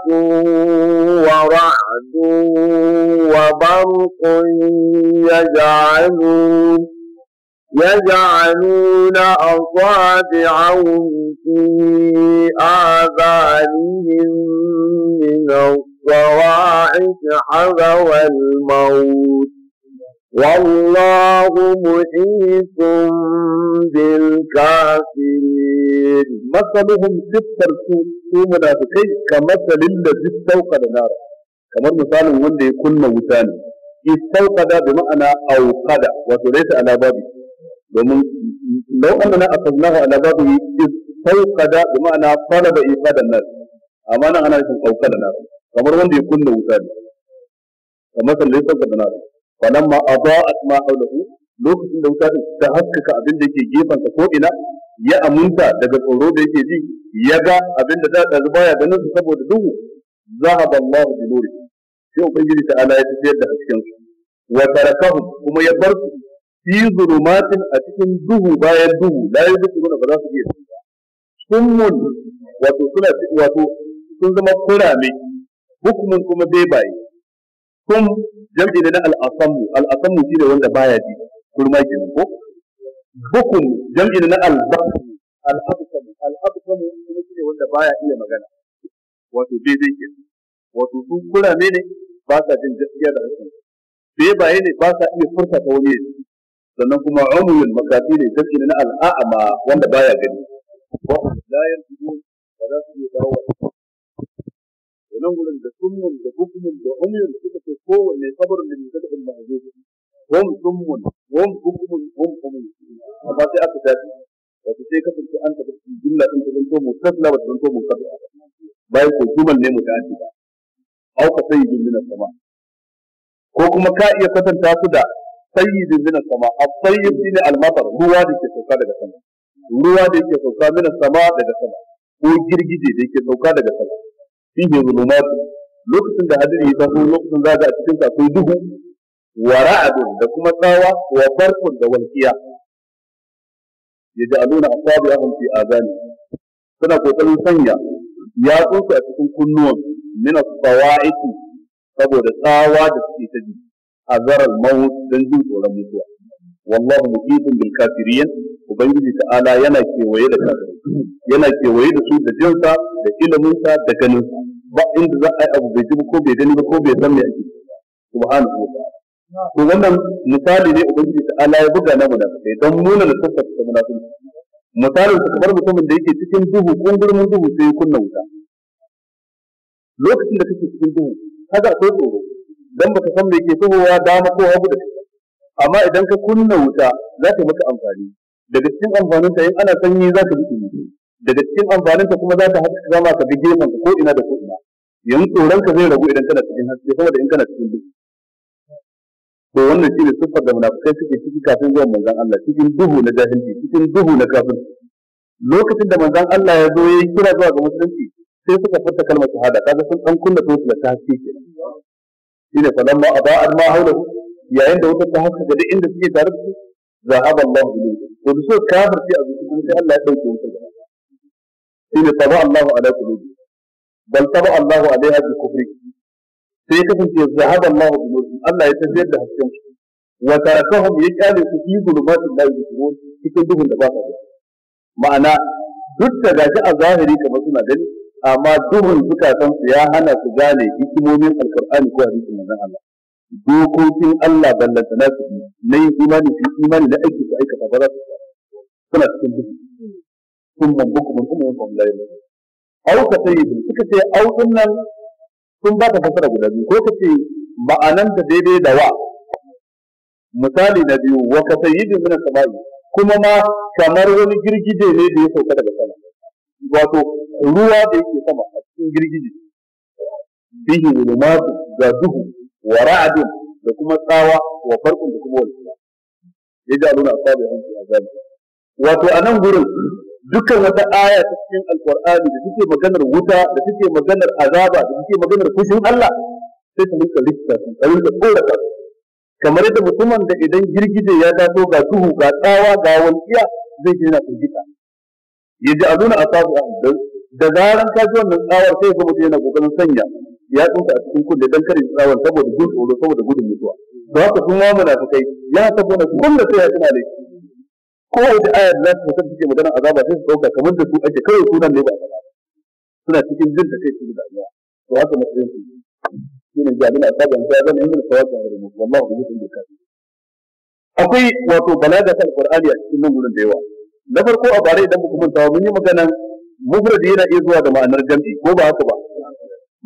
ورعد وبرق يجعلون يجعلون أصابعهم في آذانهم من الصواعق حذو الموت والله محيط بالكافرين مثلهم ستر su kai kamar salin da sauka da nara kamar misalin wanda ya kunna wuta ne istauqada bi ma'ana auqada wato laysa ala babi domin law annana aqadnahu ala babi istauqada bi ma'ana talaba ifadan nas amma nan ana nufin auqada nas kamar wanda ya kunna wuta ne kamar salin sauka da nara falamma adaa'at ma hawlahu lokacin da wuta ta haskaka abin da yake gefen ko ina ya amunta daga tsoro da yake ji ya ga abin da da baya ganin su saboda duhu zahaba Allahu bi nuri sai ubangiji ta ala ya tafiyar da hasken su wa tarakahum kuma ya bar su fi zulumatin a cikin duhu bayan duhu la yuzkuruna ba za su iya wato suna wato sun zama kurame hukumin kuma bai baye kun jam'i da na al'asammu al'asammu shi ne wanda baya ji kurma kenan ko Bukun jam'i da na al-bakmu shi ne wanda baya iya magana wato bai zai ke wato su kura ne ba sa jin gaskiya da bai baye ne ba sa iya furta ta wani sannan kuma umul makafi ne jam'i da na al wanda baya gani wa la yantiqu wa la yusawu nan gurin da sunmun da hukumun da hanyar da suka ce kowanne sabarin da mutum da Allah ya yi wam sunmun wam hukumun wam umrun sai aka tafi wato sai kasance an tafi cikin jumla din da zanto mu kasla ba zanto mu kasla bai ko jumal ne mu ta ci ba au ka sai jumlan sama ko kuma ka iya kasanta su da sayyidin min sama as-sayyid shine al ruwa da ke sauka daga sama ruwa da yake sauka min sama daga sama ko girgije da yake sauka daga sama fihi zulumat lokacin da hadiri ya taho lokacin za a cikin akwai duhu wa da kuma tsawa wa barkun da walqiya yaj'aluna asabi'ahum fi azani suna kokarin sanya ya tsoka a cikin kunnuwan min as-sawa'iqi saboda tsawa da suke ta ji azaral maut dan jin tsoron mutuwa wallahu muqitun bil kafirin ubangiji ta'ala yana kewaye da kafirai yana kewaye da su da jinsa da iliminsa da su. ba inda za a yi abu bai ji ko bai gani ba ko bai san me ake subhanahu wa to wannan misali ne ubangiji ta ala ya buga na sai don nuna da tabbata munafiki misalin ta kamar mutumin da yake cikin duhu kungurmin duhu sai ya kunna wuta lokacin da kake cikin duhu kaga akwai tsoro dan baka san me yake tuhowa dama ko hagu da amma idan ka kunna wuta za ta maka amfani daga cikin amfanin ta in ana sanyi za ka ji daga cikin amfanin ta kuma za ta haska zama ka bi gefen ko ina da ko ina yan tsoron ka zai ragu idan kana cikin haske kuma da in kana cikin duhu to wannan shine siffar da munafikai suke ciki kafin zuwan manzon Allah cikin duhu na jahilci cikin duhu na kafin lokacin da manzon Allah ya zo ya kira zuwa ga musulunci sai suka furta kalmar shahada kaga sun dan kunna to da ta haske kenan shine fa lamma aba'ad ma haula yayin da wutar ta haska ga duk inda suke tare da su zahaba Allah bi to su kafirci a kuma sai Allah ya dauke wutar shine fa ba Allahu ala kulli. bal taba Allahu alaiha bi kufri sai kasance zahaba Allah bi nurihim Allah ya tafiyar da hasken su wa tarakahum ya kyale su fi zulumatin la yusirun cikin duhun da ba sa gani ma'ana duk da gashi a zahiri kamar suna gani amma duhun zukatan su ya hana su gane hikimomin alqur'ani ko hadisin manzon Allah dokokin Allah ballanta na su na yin imani su imani da aiki su aikata ba za su suna cikin duhu sun bambu kuma kuma yin kwamlayin au ka yi suka ce au din nan sun ba ta fasara guda biyu ko ka ce ma'ananta daidai da wa misali na biyu wa ka sayyidin min samai kuma ma kamar wani girgije ne da ya sauka daga sama wato ruwa da yake sama a cikin girgije bihi ulumatu ga duhu wa ra'adin da kuma tsawa wa farkon da kuma wani ya ji aluna sabon hanci a zabi wato a nan gurin dukkan wata aya ta cikin alkur'ani da take maganar wuta da take maganar azaba da take maganar fushin Allah sai ta rinka rikita su ta rinka tsorata su kamar yadda mutumin da idan girgije ya dato ga duhu ga tsawa ga walƙiya zai ji yana firgita ya ji azuna a ahdan da zaran ka ji wannan tsawar sai ka mutu yana kokarin sanya ya tsunta a cikin kunne dan kare tsawar saboda gudun tsoro saboda gudun mutuwa da haka sun ma kai, ya tabbata kullum sai ya tuna da shi kowace da ayar da su kan take magana azaba sai su dauka kamar da su ake kawai sunan ne ba suna cikin jin da kai su da Allah to haka matsayin su shine jami'in asaban da zan yi musu wakan da mu wallahi da yake kai akwai wato balaga ta alqur'ani a cikin nan gurin da yawa na farko a bare idan muka sawa, mun yi magana mufradi yana iya zuwa da ma'anar jam'i ko ba haka ba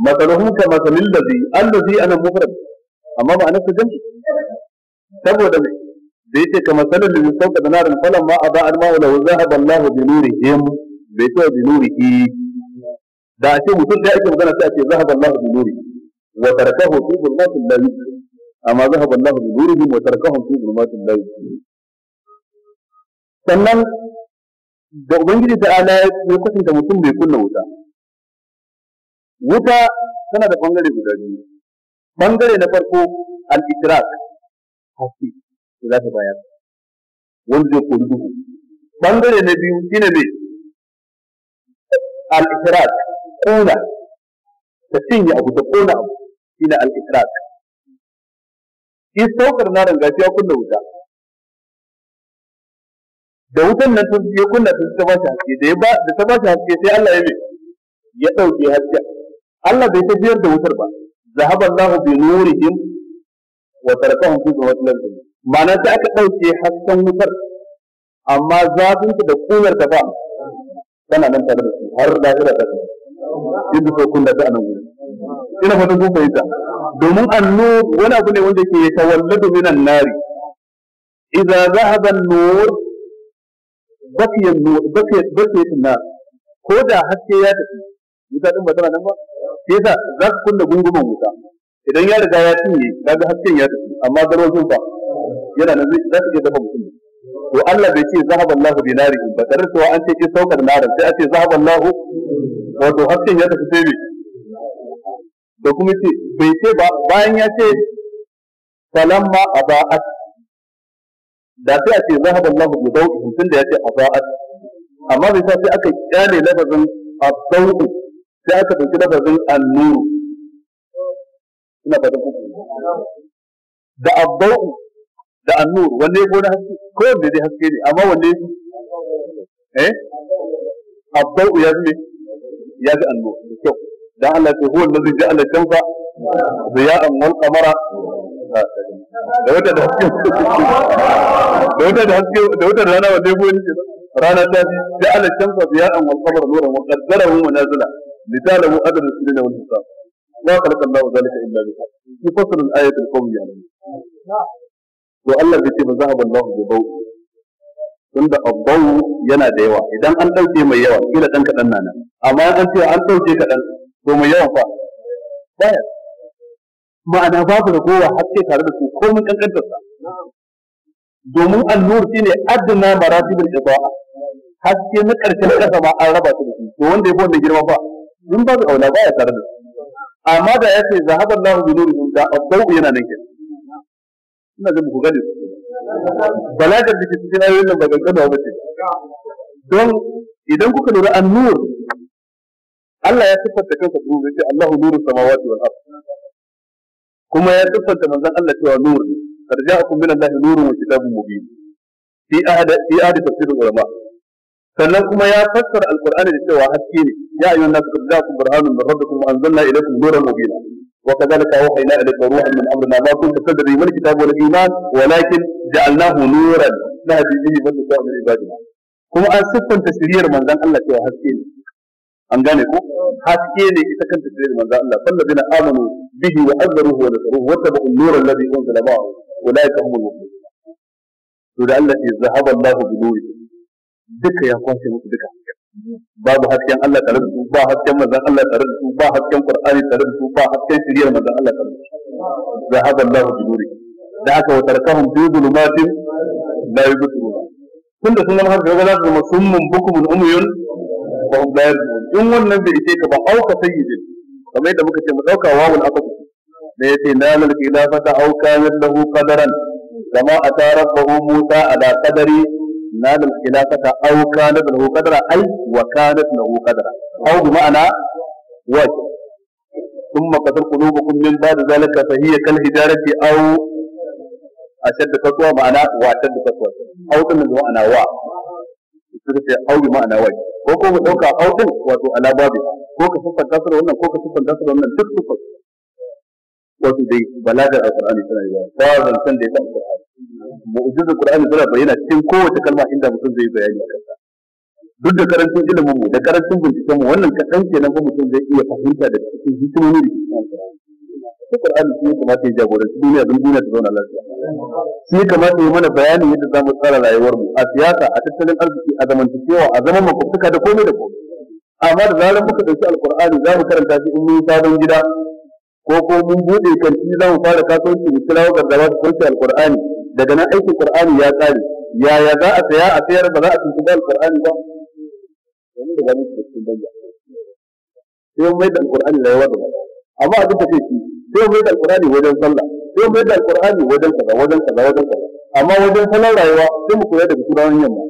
masaluhu kama salil ladhi allazi ana mufrad amma ma'anar ta jam'i saboda me. da yake kamar sanar da sauka da narin falan ma a ba an ma'ula wa zahaba Allah bi nurihim bai ce bi nurihi da a ce mutum da ake magana sai a ce a balla wa nuri wa tarakahu fi zulmatin la amma balla wa bi nurihim wa tarakahu fi zulmatin la sannan da ubangiji ta ala ya da mutum bai kunna wuta wuta tana da bangare guda biyu bangare na farko al-idrak haske da za ta bayar wanda zai kori duhu bangare na biyu shine ne al-ishraq kona ta cinye abu ta kona abu shine al-ishraq shi saukar na rangaci ya kunna wuta da wutan nan sun ya kunna tun ta bashi haske da ba da ta bashi haske sai Allah ya ya dauke haske Allah bai tafiyar da wutar ba zahaballahu bi nurihim wa tarakahum fi dhulmatil jahim ma'ana sai aka ɗauke hasken wutar amma zafin da kunar ta ba tana nan tare da su har da ira ta yadda ko kun da ta nan gurin ina fatan kun fahimta domin annu wani abu ne wanda ke tawalladu minan nari idza zahaba an-nur an nur bakiyan bakiyan nar ko da haske ya tafi wuta din ba tana nan ba sai yasa za ka kunna gungumen wuta idan ya riga ya cinye kaga hasken ya tafi amma sun fa yana nan zai zai iya zama mutum to Allah bai ce zahaba Allah bi narihi ba tare da an ce ki saukar nara sai a ce zahaba Allah wato hakkin ya tafi sai da kuma ce bai ce ba bayan ya ce falamma aba'at da sai a ce zahaba Allah bi dawihim tunda ya ce aba'at amma bai sa sai aka kyale lafazin abdawu sai aka dauki lafazin annuru ina ba da da abdawu da annur wanne ko na haske ko wanne dai haske ne amma wanne eh abdau ya zame ya ji annur da kyau dan Allah ce huwa allazi ja'ala shamsa ziya'an wal qamara da wata da haske da wata da haske da wata rana wanne ko ne rana ta ja'ala shamsa ziya'an wal qamara nuran wa qaddarahu manazila litalamu adad as-sinin wal hisab ما خلق الله ذلك الا بالحق يفصل الايه لقوم يعلمون to Allah ya ce ba za a ballahu bi bau tunda abbau yana da yawa idan an dauke mai yawa kila dan kadan na nan amma an ce an dauke kadan to mai yawa fa baya ma'ana babu ragowa har sai tare da su komai kankantar sa domin annur shine adna maratibul idaa haske na karshen kasa ba an raba su da shi to wanda ya fi wannan girma ba in babu aula ya tare da su amma da yace zahaballahu bi nurihim da abbau yana nan kenan ina da ku gane su balagar da ke cikin ayoyin nan ba gaggaba ba ce don idan kuka lura an nur Allah ya siffanta kansa da nuru ce Allahu nuru samawati wal ard kuma ya siffanta manzon Allah cewa nur ne sarja'akum min Allah nuru wa kitabun mubin fi ahad fi ahad tafsirul ulama sannan kuma ya fassara alqur'ani da cewa haske ne ya ayyuhan nasu qad ja'akum burhanun min rabbikum wa anzalna ilaykum nuran mubina وكذلك اوحينا اليك روح من امر ما كنت تدري من الكتاب والايمان ولكن جعلناه نورا نهدي به من نشاء من عبادنا كما ان ستن تسرير من ذا الله سوى هاسكين ان ذلك هاسكين اذا كنت تسرير من ذا الله فالذين امنوا به وعذروه ونصروه واتبعوا النور الذي انزل معه اولئك هم المفلحون. اذ ذهب الله بنوره ذكر يا اخوان في babu hasken Allah tare da su ba hasken manzon Allah tare da su ba hasken Qur'ani tare da su ba hasken shiriyar manzon Allah tare da su zahaba Allah bi nuri da aka wa tarkahum fi dhulumatin la yubsiruna tun da sunan zama har gaba za su zama summun bukumun umuyun ba hum la yarjun in wannan bai ce ka ba auka sayyidin kamar yadda muka ce mu dauka wawul aka ku da yace la lal khilafata au kana lahu qadaran kama ata rabbahu musa ala qadari نال الخلافة أو كانت له قدرة أي وكانت له قدرة أو بمعنى واجب ثم قتل قلوبكم من بعد ذلك فهي كالحجارة أو أشد قسوة معنى وأشد قسوة أو تنزل معنى وا أو بمعنى واجب ko ko mu dauka autin wato ala ko ka sufan kasar wannan ko ka sufan kasar wannan duk sufan wato dai balagar alqur'ani tana yi ba zan san da alqur'ani mu'jizul Qur'ani tana bayyana cikin kowace kalma inda mutum zai bayani a kansa duk da karancin ilimin mu da karancin binciken mu wannan kadan kenan ko mutum zai iya fahimta da cikin hikimomi da cikin Qur'ani ko Qur'ani shi kamata ya jagoranci duniya don duniya ta zauna lafiya shi kamata ya mana bayanin yadda za mu tsara rayuwar mu a siyasa a tattalin arziki a zamantakewa a zaman makwabtaka da komai da komai amma da zarar muka ɗauki alqur'ani za mu karanta shi in mun sabon gida ko ko mun buɗe kanti za mu fara kasuwanci mu kira wa gargaba su kwanci alqur'ani daga nan aikin qur'ani ya tsare yaya za a saya a sayar ba za a tuntu ba alqur'ani ba wani da gani da cikin banja sai mai da alqur'ani da da amma a da kai sai mai da alqur'ani wajen sallah sai mai da alqur'ani wajen kaza wajen kaza wajen kaza amma wajen salon rayuwa sai mu koya daga turawan yamma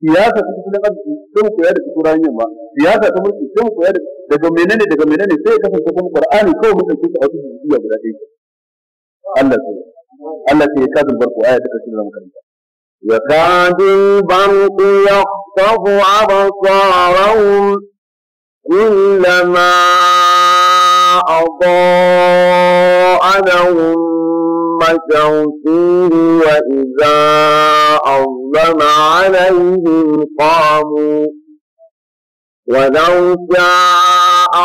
siyasa ta cikin arziki sai mu koya daga ranar yamma siyasa ta mulki sai mu koya daga menene daga menene sai ya kasance kuma qur'ani kawai mutum sai a wata jiya guda ɗaya Allah sai Allah ke kasu barku aya ta kashi zama karanta. Ya kajin barku ma a ko adawun mashawfihi wa iza azzama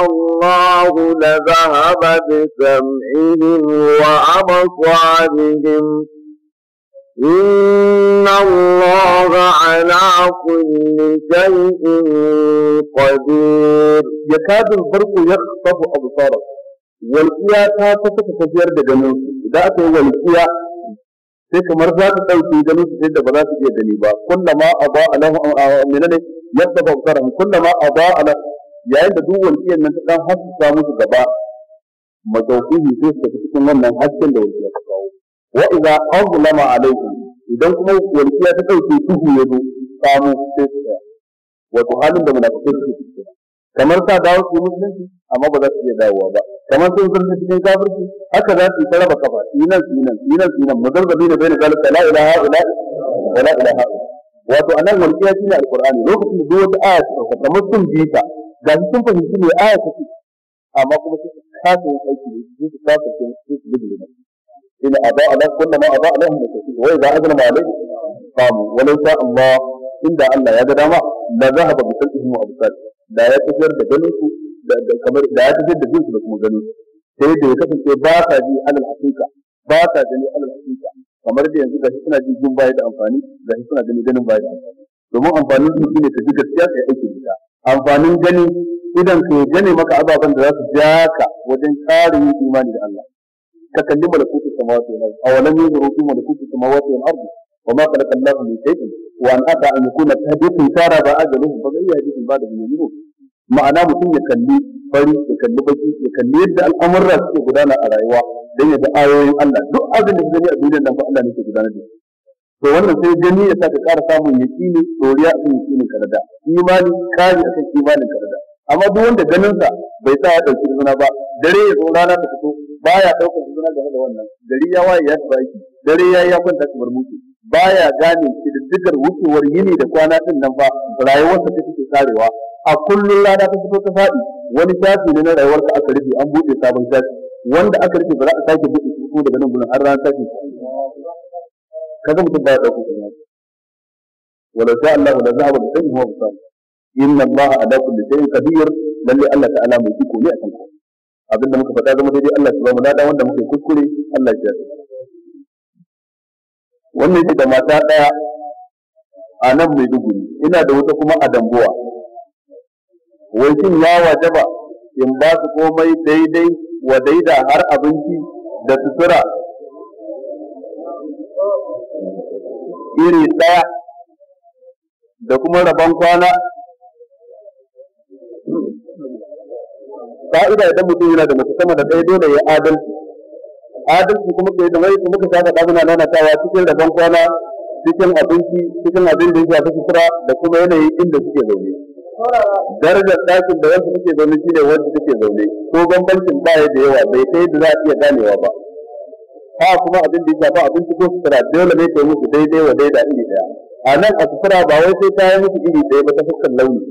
الله لذهب بسمعهم وأبصارهم إن الله على كل شيء قدير يكاد البرق يخطف أبصارك walƙiya ta kusa tafiyar da ganin idan walƙiya sai kamar za ta ɗauke ganin su da ba za su iya gani ba kullama aba alahu menene yadda ba kullama aba alahu yayin da duk walƙiyar nan ta dan haska musu gaba madaukuhi sai su tafi cikin wannan hasken da walƙiya ta kawo wa idza azlama alaikum idan kuma walƙiya ta dauke duhu ya zo samu sai su tsaya wato halin da munafikai suke ciki kamar sa dawo su musulunci amma ba za su iya dawowa ba kamar sun zurfi cikin kafirci haka za su yi taraba kafa sinan sinan sinan sinan muzarzabi da bayan zalika da ilaha illa wa la ilaha wato anan walƙiya shine alqur'ani lokacin da duk wata aya ta kamar sun bi ta ga sun fahimci ne aya take amma kuma su kasa yin aiki ne su su kasa yin su su bidire ne ina aba ala kullu ma aba ala hum tafi wa idza azna ma alai qamu wa law sha Allah inda Allah ya ga dama la zahaba bi qalbihim wa absar da ya tafiyar da ganin su da kamar da ya tafiyar da jinsu da kuma ganin su sai da ya kasance ba sa ji alal hakika ba ta gani alal hakika kamar da yanzu gashi suna ji jin baya da amfani gashi suna gani ganin baya da amfani domin amfanin su shine ka ji gaskiya sai aiki amfanin gani idan ka ya gane maka ababen da za su ja ka wajen ƙara yin imani da Allah ka kalli malakutu samawati wal ardi awalam yanzuru fi malakutu samawati wal ardi وما خلق الله من شيء وان اتى ان يكون تهديد ba? با اجله فبأي حديث بعد من يمنه ma'ana mutum ya kalli fari ya kalli baki ya kalli yadda al'amuran suke gudana a rayuwa dan ya ga ayoyin Allah duk abin da gani a duniyar nan fa Allah ne ke gudanar da shi to wannan sai gani ya sa ka ƙara samun ne doriya a yaki ne karada imani kari a kan imanin karada amma duk wanda ganinsa bai sa ya ɗauki suna ba dare ya zo rana ta fito baya ɗaukar suna game da wannan gari ya waye ya tafi aiki dare ya yi ya kwanta kamar mutu baya gane ƙididdigar wucewar yini da kwana ɗin nan ba, rayuwarsa ta take karewa a kullum rana ta fito ta faɗi wani shafi ne na rayuwarsa aka rufe an buɗe sabon shafi wanda aka rufe ba za a sake buɗe su daga nan gurin har rana ta fito kaga mutum ba ya dauka kuma walau sha Allah da zaba da sai huwa musal inna Allah ala kulli shay'in qadir lalle Allah ta'ala mai iko ne akan komai abinda muka faɗa zama daidai Allah ya ba mu lada wanda muka yi kuskure Allah ya wannan yake da mata ɗaya a nan mai duguri ina da wata kuma a dambuwa wai shin ya wajaba in ba su komai daidai wa daida har abinci da sutura iri ɗaya da kuma rabon kwana fa'ida idan mutum yana da mace sama da ɗaya dole ya adalci adalci kuma ke da wai kuma ka faɗa muna tawa cikin rabon kwana cikin abinci cikin abin da ya shafi sutura da kuma yanayin inda suke zaune darajar ɗakin da wasu suke zaune shine wanda suke zaune ko bambancin ɗaya da yawa bai kai da za a iya ganewa ba ba kuma abin da ya shafi abinci ko sutura dole ne ta yi musu daidai wa daida iri daya a nan a sutura ba wai sai ta yi musu iri daya ba ta fuskar launi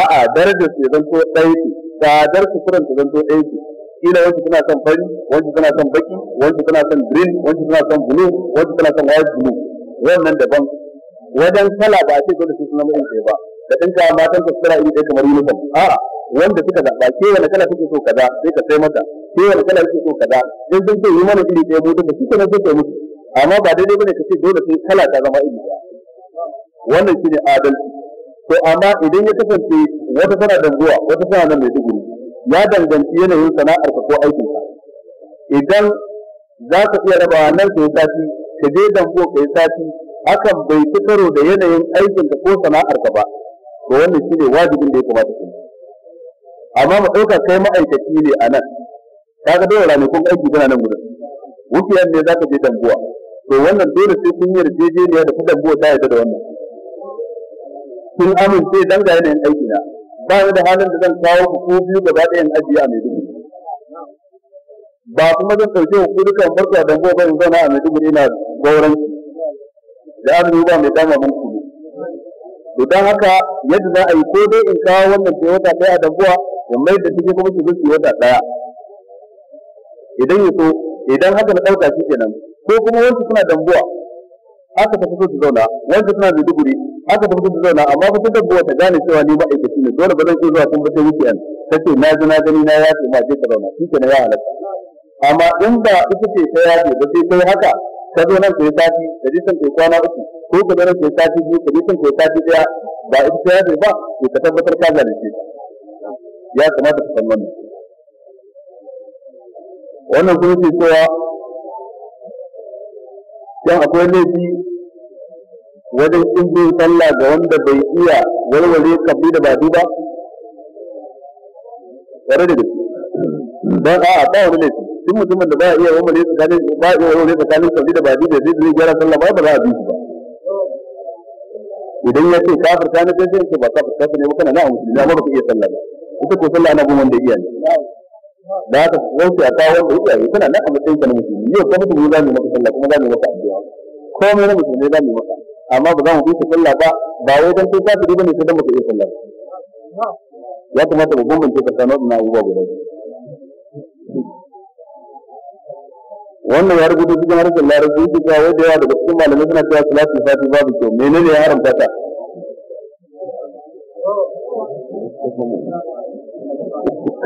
a'a darajar su ya zanto ɗaya ce tsadar suturan zan to ɗaya ce kila wancan tana son fari wancan tana son baki wancan tana son green wancan tana son blue wancan tana son white blue wannan daban wajen kala ba a ce dole sai suna mai ɗaya ba da ka matan ta sutura iri ɗaya kamar uniform a'a wanda suka zaɓa ke wani kala suke so kaza sai ka sai mata ko wani kana yake so kaza dan sun ce yi mana iri ɗaya mu da kike nan sai mutu amma ba daidai bane kace dole sai kala ta zama iri ɗaya wannan shine adalci to amma idan ya kasance wata tana da zuwa wata tana da mai digiri ya danganci yanayin sana'ar ka ko aikin ka idan za ka iya rabawa nan kai sati ka je dango kai sati hakan bai fi karo da yanayin aikin ka ko sana'ar ka ba to wannan shine wajibin da ya kamata ka yi amma mu ɗauka kai ma'aikaci ne a nan kaga dole kun aiki tana nan gurin wukiyan ne zaka je dambuwa to wannan dole sai kun yi yarjejeniya da ta dambuwa da yadda da wannan kun amince dan ga yanayin aiki na ba ni da halin da zan kawo ku ko biyu gaba ɗaya in ajiye a Maiduguri ba kuma zan ɗauke ku dukan barka dambuwa ba in zauna a Maiduguri na gauran da azumi ba mai dama mun kudu to dan haka yadda za a yi ko dai in kawo wannan ce wata ɗaya a dambuwa in mai da cikin kuma ki wata ɗaya idan ya so idan haka na ɗauka shi kenan ko kuma wancan suna dambuwa haka tafi so su zauna wancan suna maiduguri haka tafi so su zauna amma kusa ta dambuwa ta gane cewa ni ma'aikaci ne dole ba zan iya zuwa sun ba sai weekend ta ce na ji na gani na ya ce ma je ta zauna shi kenan ya halatta amma in ba ita ce ta yaje ba sai kai haka ka zo nan yi sati da jisan yi kwana uku ko ka zo nan yi sati biyu da jisan yi sati ɗaya ba ita ta yaje ba to ka tabbatar ka zalunce ya kamata ka san wannan wannan kuma ke cewa yan akwai laifi wajen in bin sallah ga wanda bai iya walwale kabi da badu ba tare da gaske don a'a ba wani laifi duk mutumin da ba iya walwale tsakanin ba iya walwale tsakanin kabi da badu da zai gyara sallah ba ba za a bi ba idan ya ce kafir ta na sai sai ba kafir ta ne ba kana na musulmi ba ka iya sallah ba ita ko sallah ana gumon wanda iya ne da haka zan ce a kawo wanda ya tsaye kana nan a matsayin ka na musulmi yau ka musulmi za mu maka sallah kuma za mu maka addu'a komai na musulmi za mu maka amma ba za mu kusa sallah ba ba wai dan sai kafiri bane sai dan muka yi sallah ya kamata mu bambance tsakanin wannan abubuwa guda biyu wannan ya rubuta cikin harshen larabci yake cewa da yawa daga cikin malamai suna cewa salatul fati babu kyau menene ya haramta ta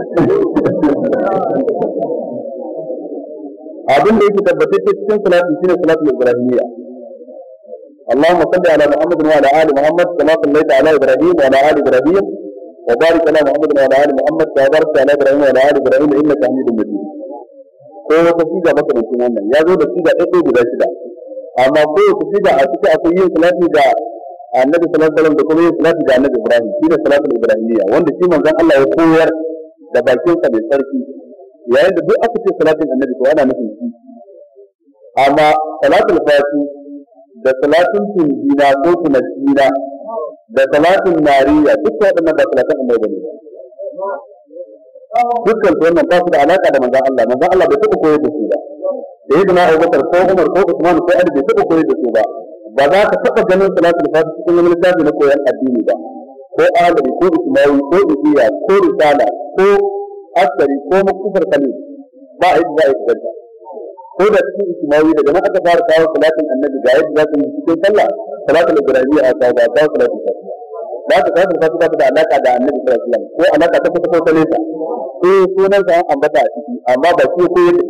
abin da yake tabbatacce cikin salati shine salatu ibrahimiyya اللهم صل على محمد وعلى ال محمد كما صليت على ابراهيم وعلى ال ابراهيم وبارك على محمد وعلى ال محمد كما باركت على ابراهيم وعلى ال ابراهيم انك حميد مجيد ko wata siga maka da sunan nan ya zo da siga ɗaya guda shida amma ko wata siga a ciki akwai yin salati da annabi sallallahu alaihi wasallam da kuma yin salati da annabi ibrahim shi ne salatul ibrahimiyya wanda shi manzon Allah ya koyar da bakinsa mai sarki yayin da duk aka ce salatin annabi to ana nufin shi amma salatul fati da salatin tunjina ko tunajina da salatin nariya duk waɗannan ba salatin annabi ne dukkan su wannan ba su da alaka da manzon Allah manzon Allah bai taɓa koyar da su ba da yadda na Abubakar ko Umar ko Usman ko Ali bai taɓa koyar da su ba ba za ka taɓa ganin salatul fati cikin wani littafi na koyon addini ba ko alabi ko ismawi ko isiya ko risala ko asari ko makufar kalil ba a yi za a yi ganta ko da cikin ismawi daga nan aka fara kawo salatin annabi ga yadda za su yi cikin sallah salatin ibrahimiyya a kawo ba kawo salatin fatiha ba ta salatin fatiha ta da alaka da annabi sallallahu alaihi wasallam ko alaka ta kusa ko ta nesa eh sunan sa an ambata a ciki amma ba shi ko yake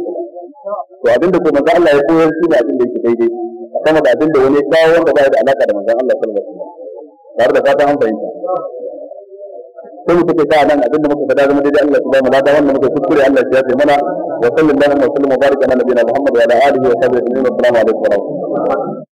to abinda ko manzo Allah ya koyar shi ne abinda yake daidai sama da abinda wani kawo wanda ba da alaka da manzo Allah sallallahu alaihi wasallam tare da fata an fahimta sai mu take kai nan abinda muka fada zama daidai Allah subhanahu wa ta'ala wannan muka kuskure Allah ya yafe mana wa sallallahu alaihi wa sallam wa baraka ala nabiyina Muhammad wa ala alihi wa sahbihi wa sallam assalamu wa rahmatullahi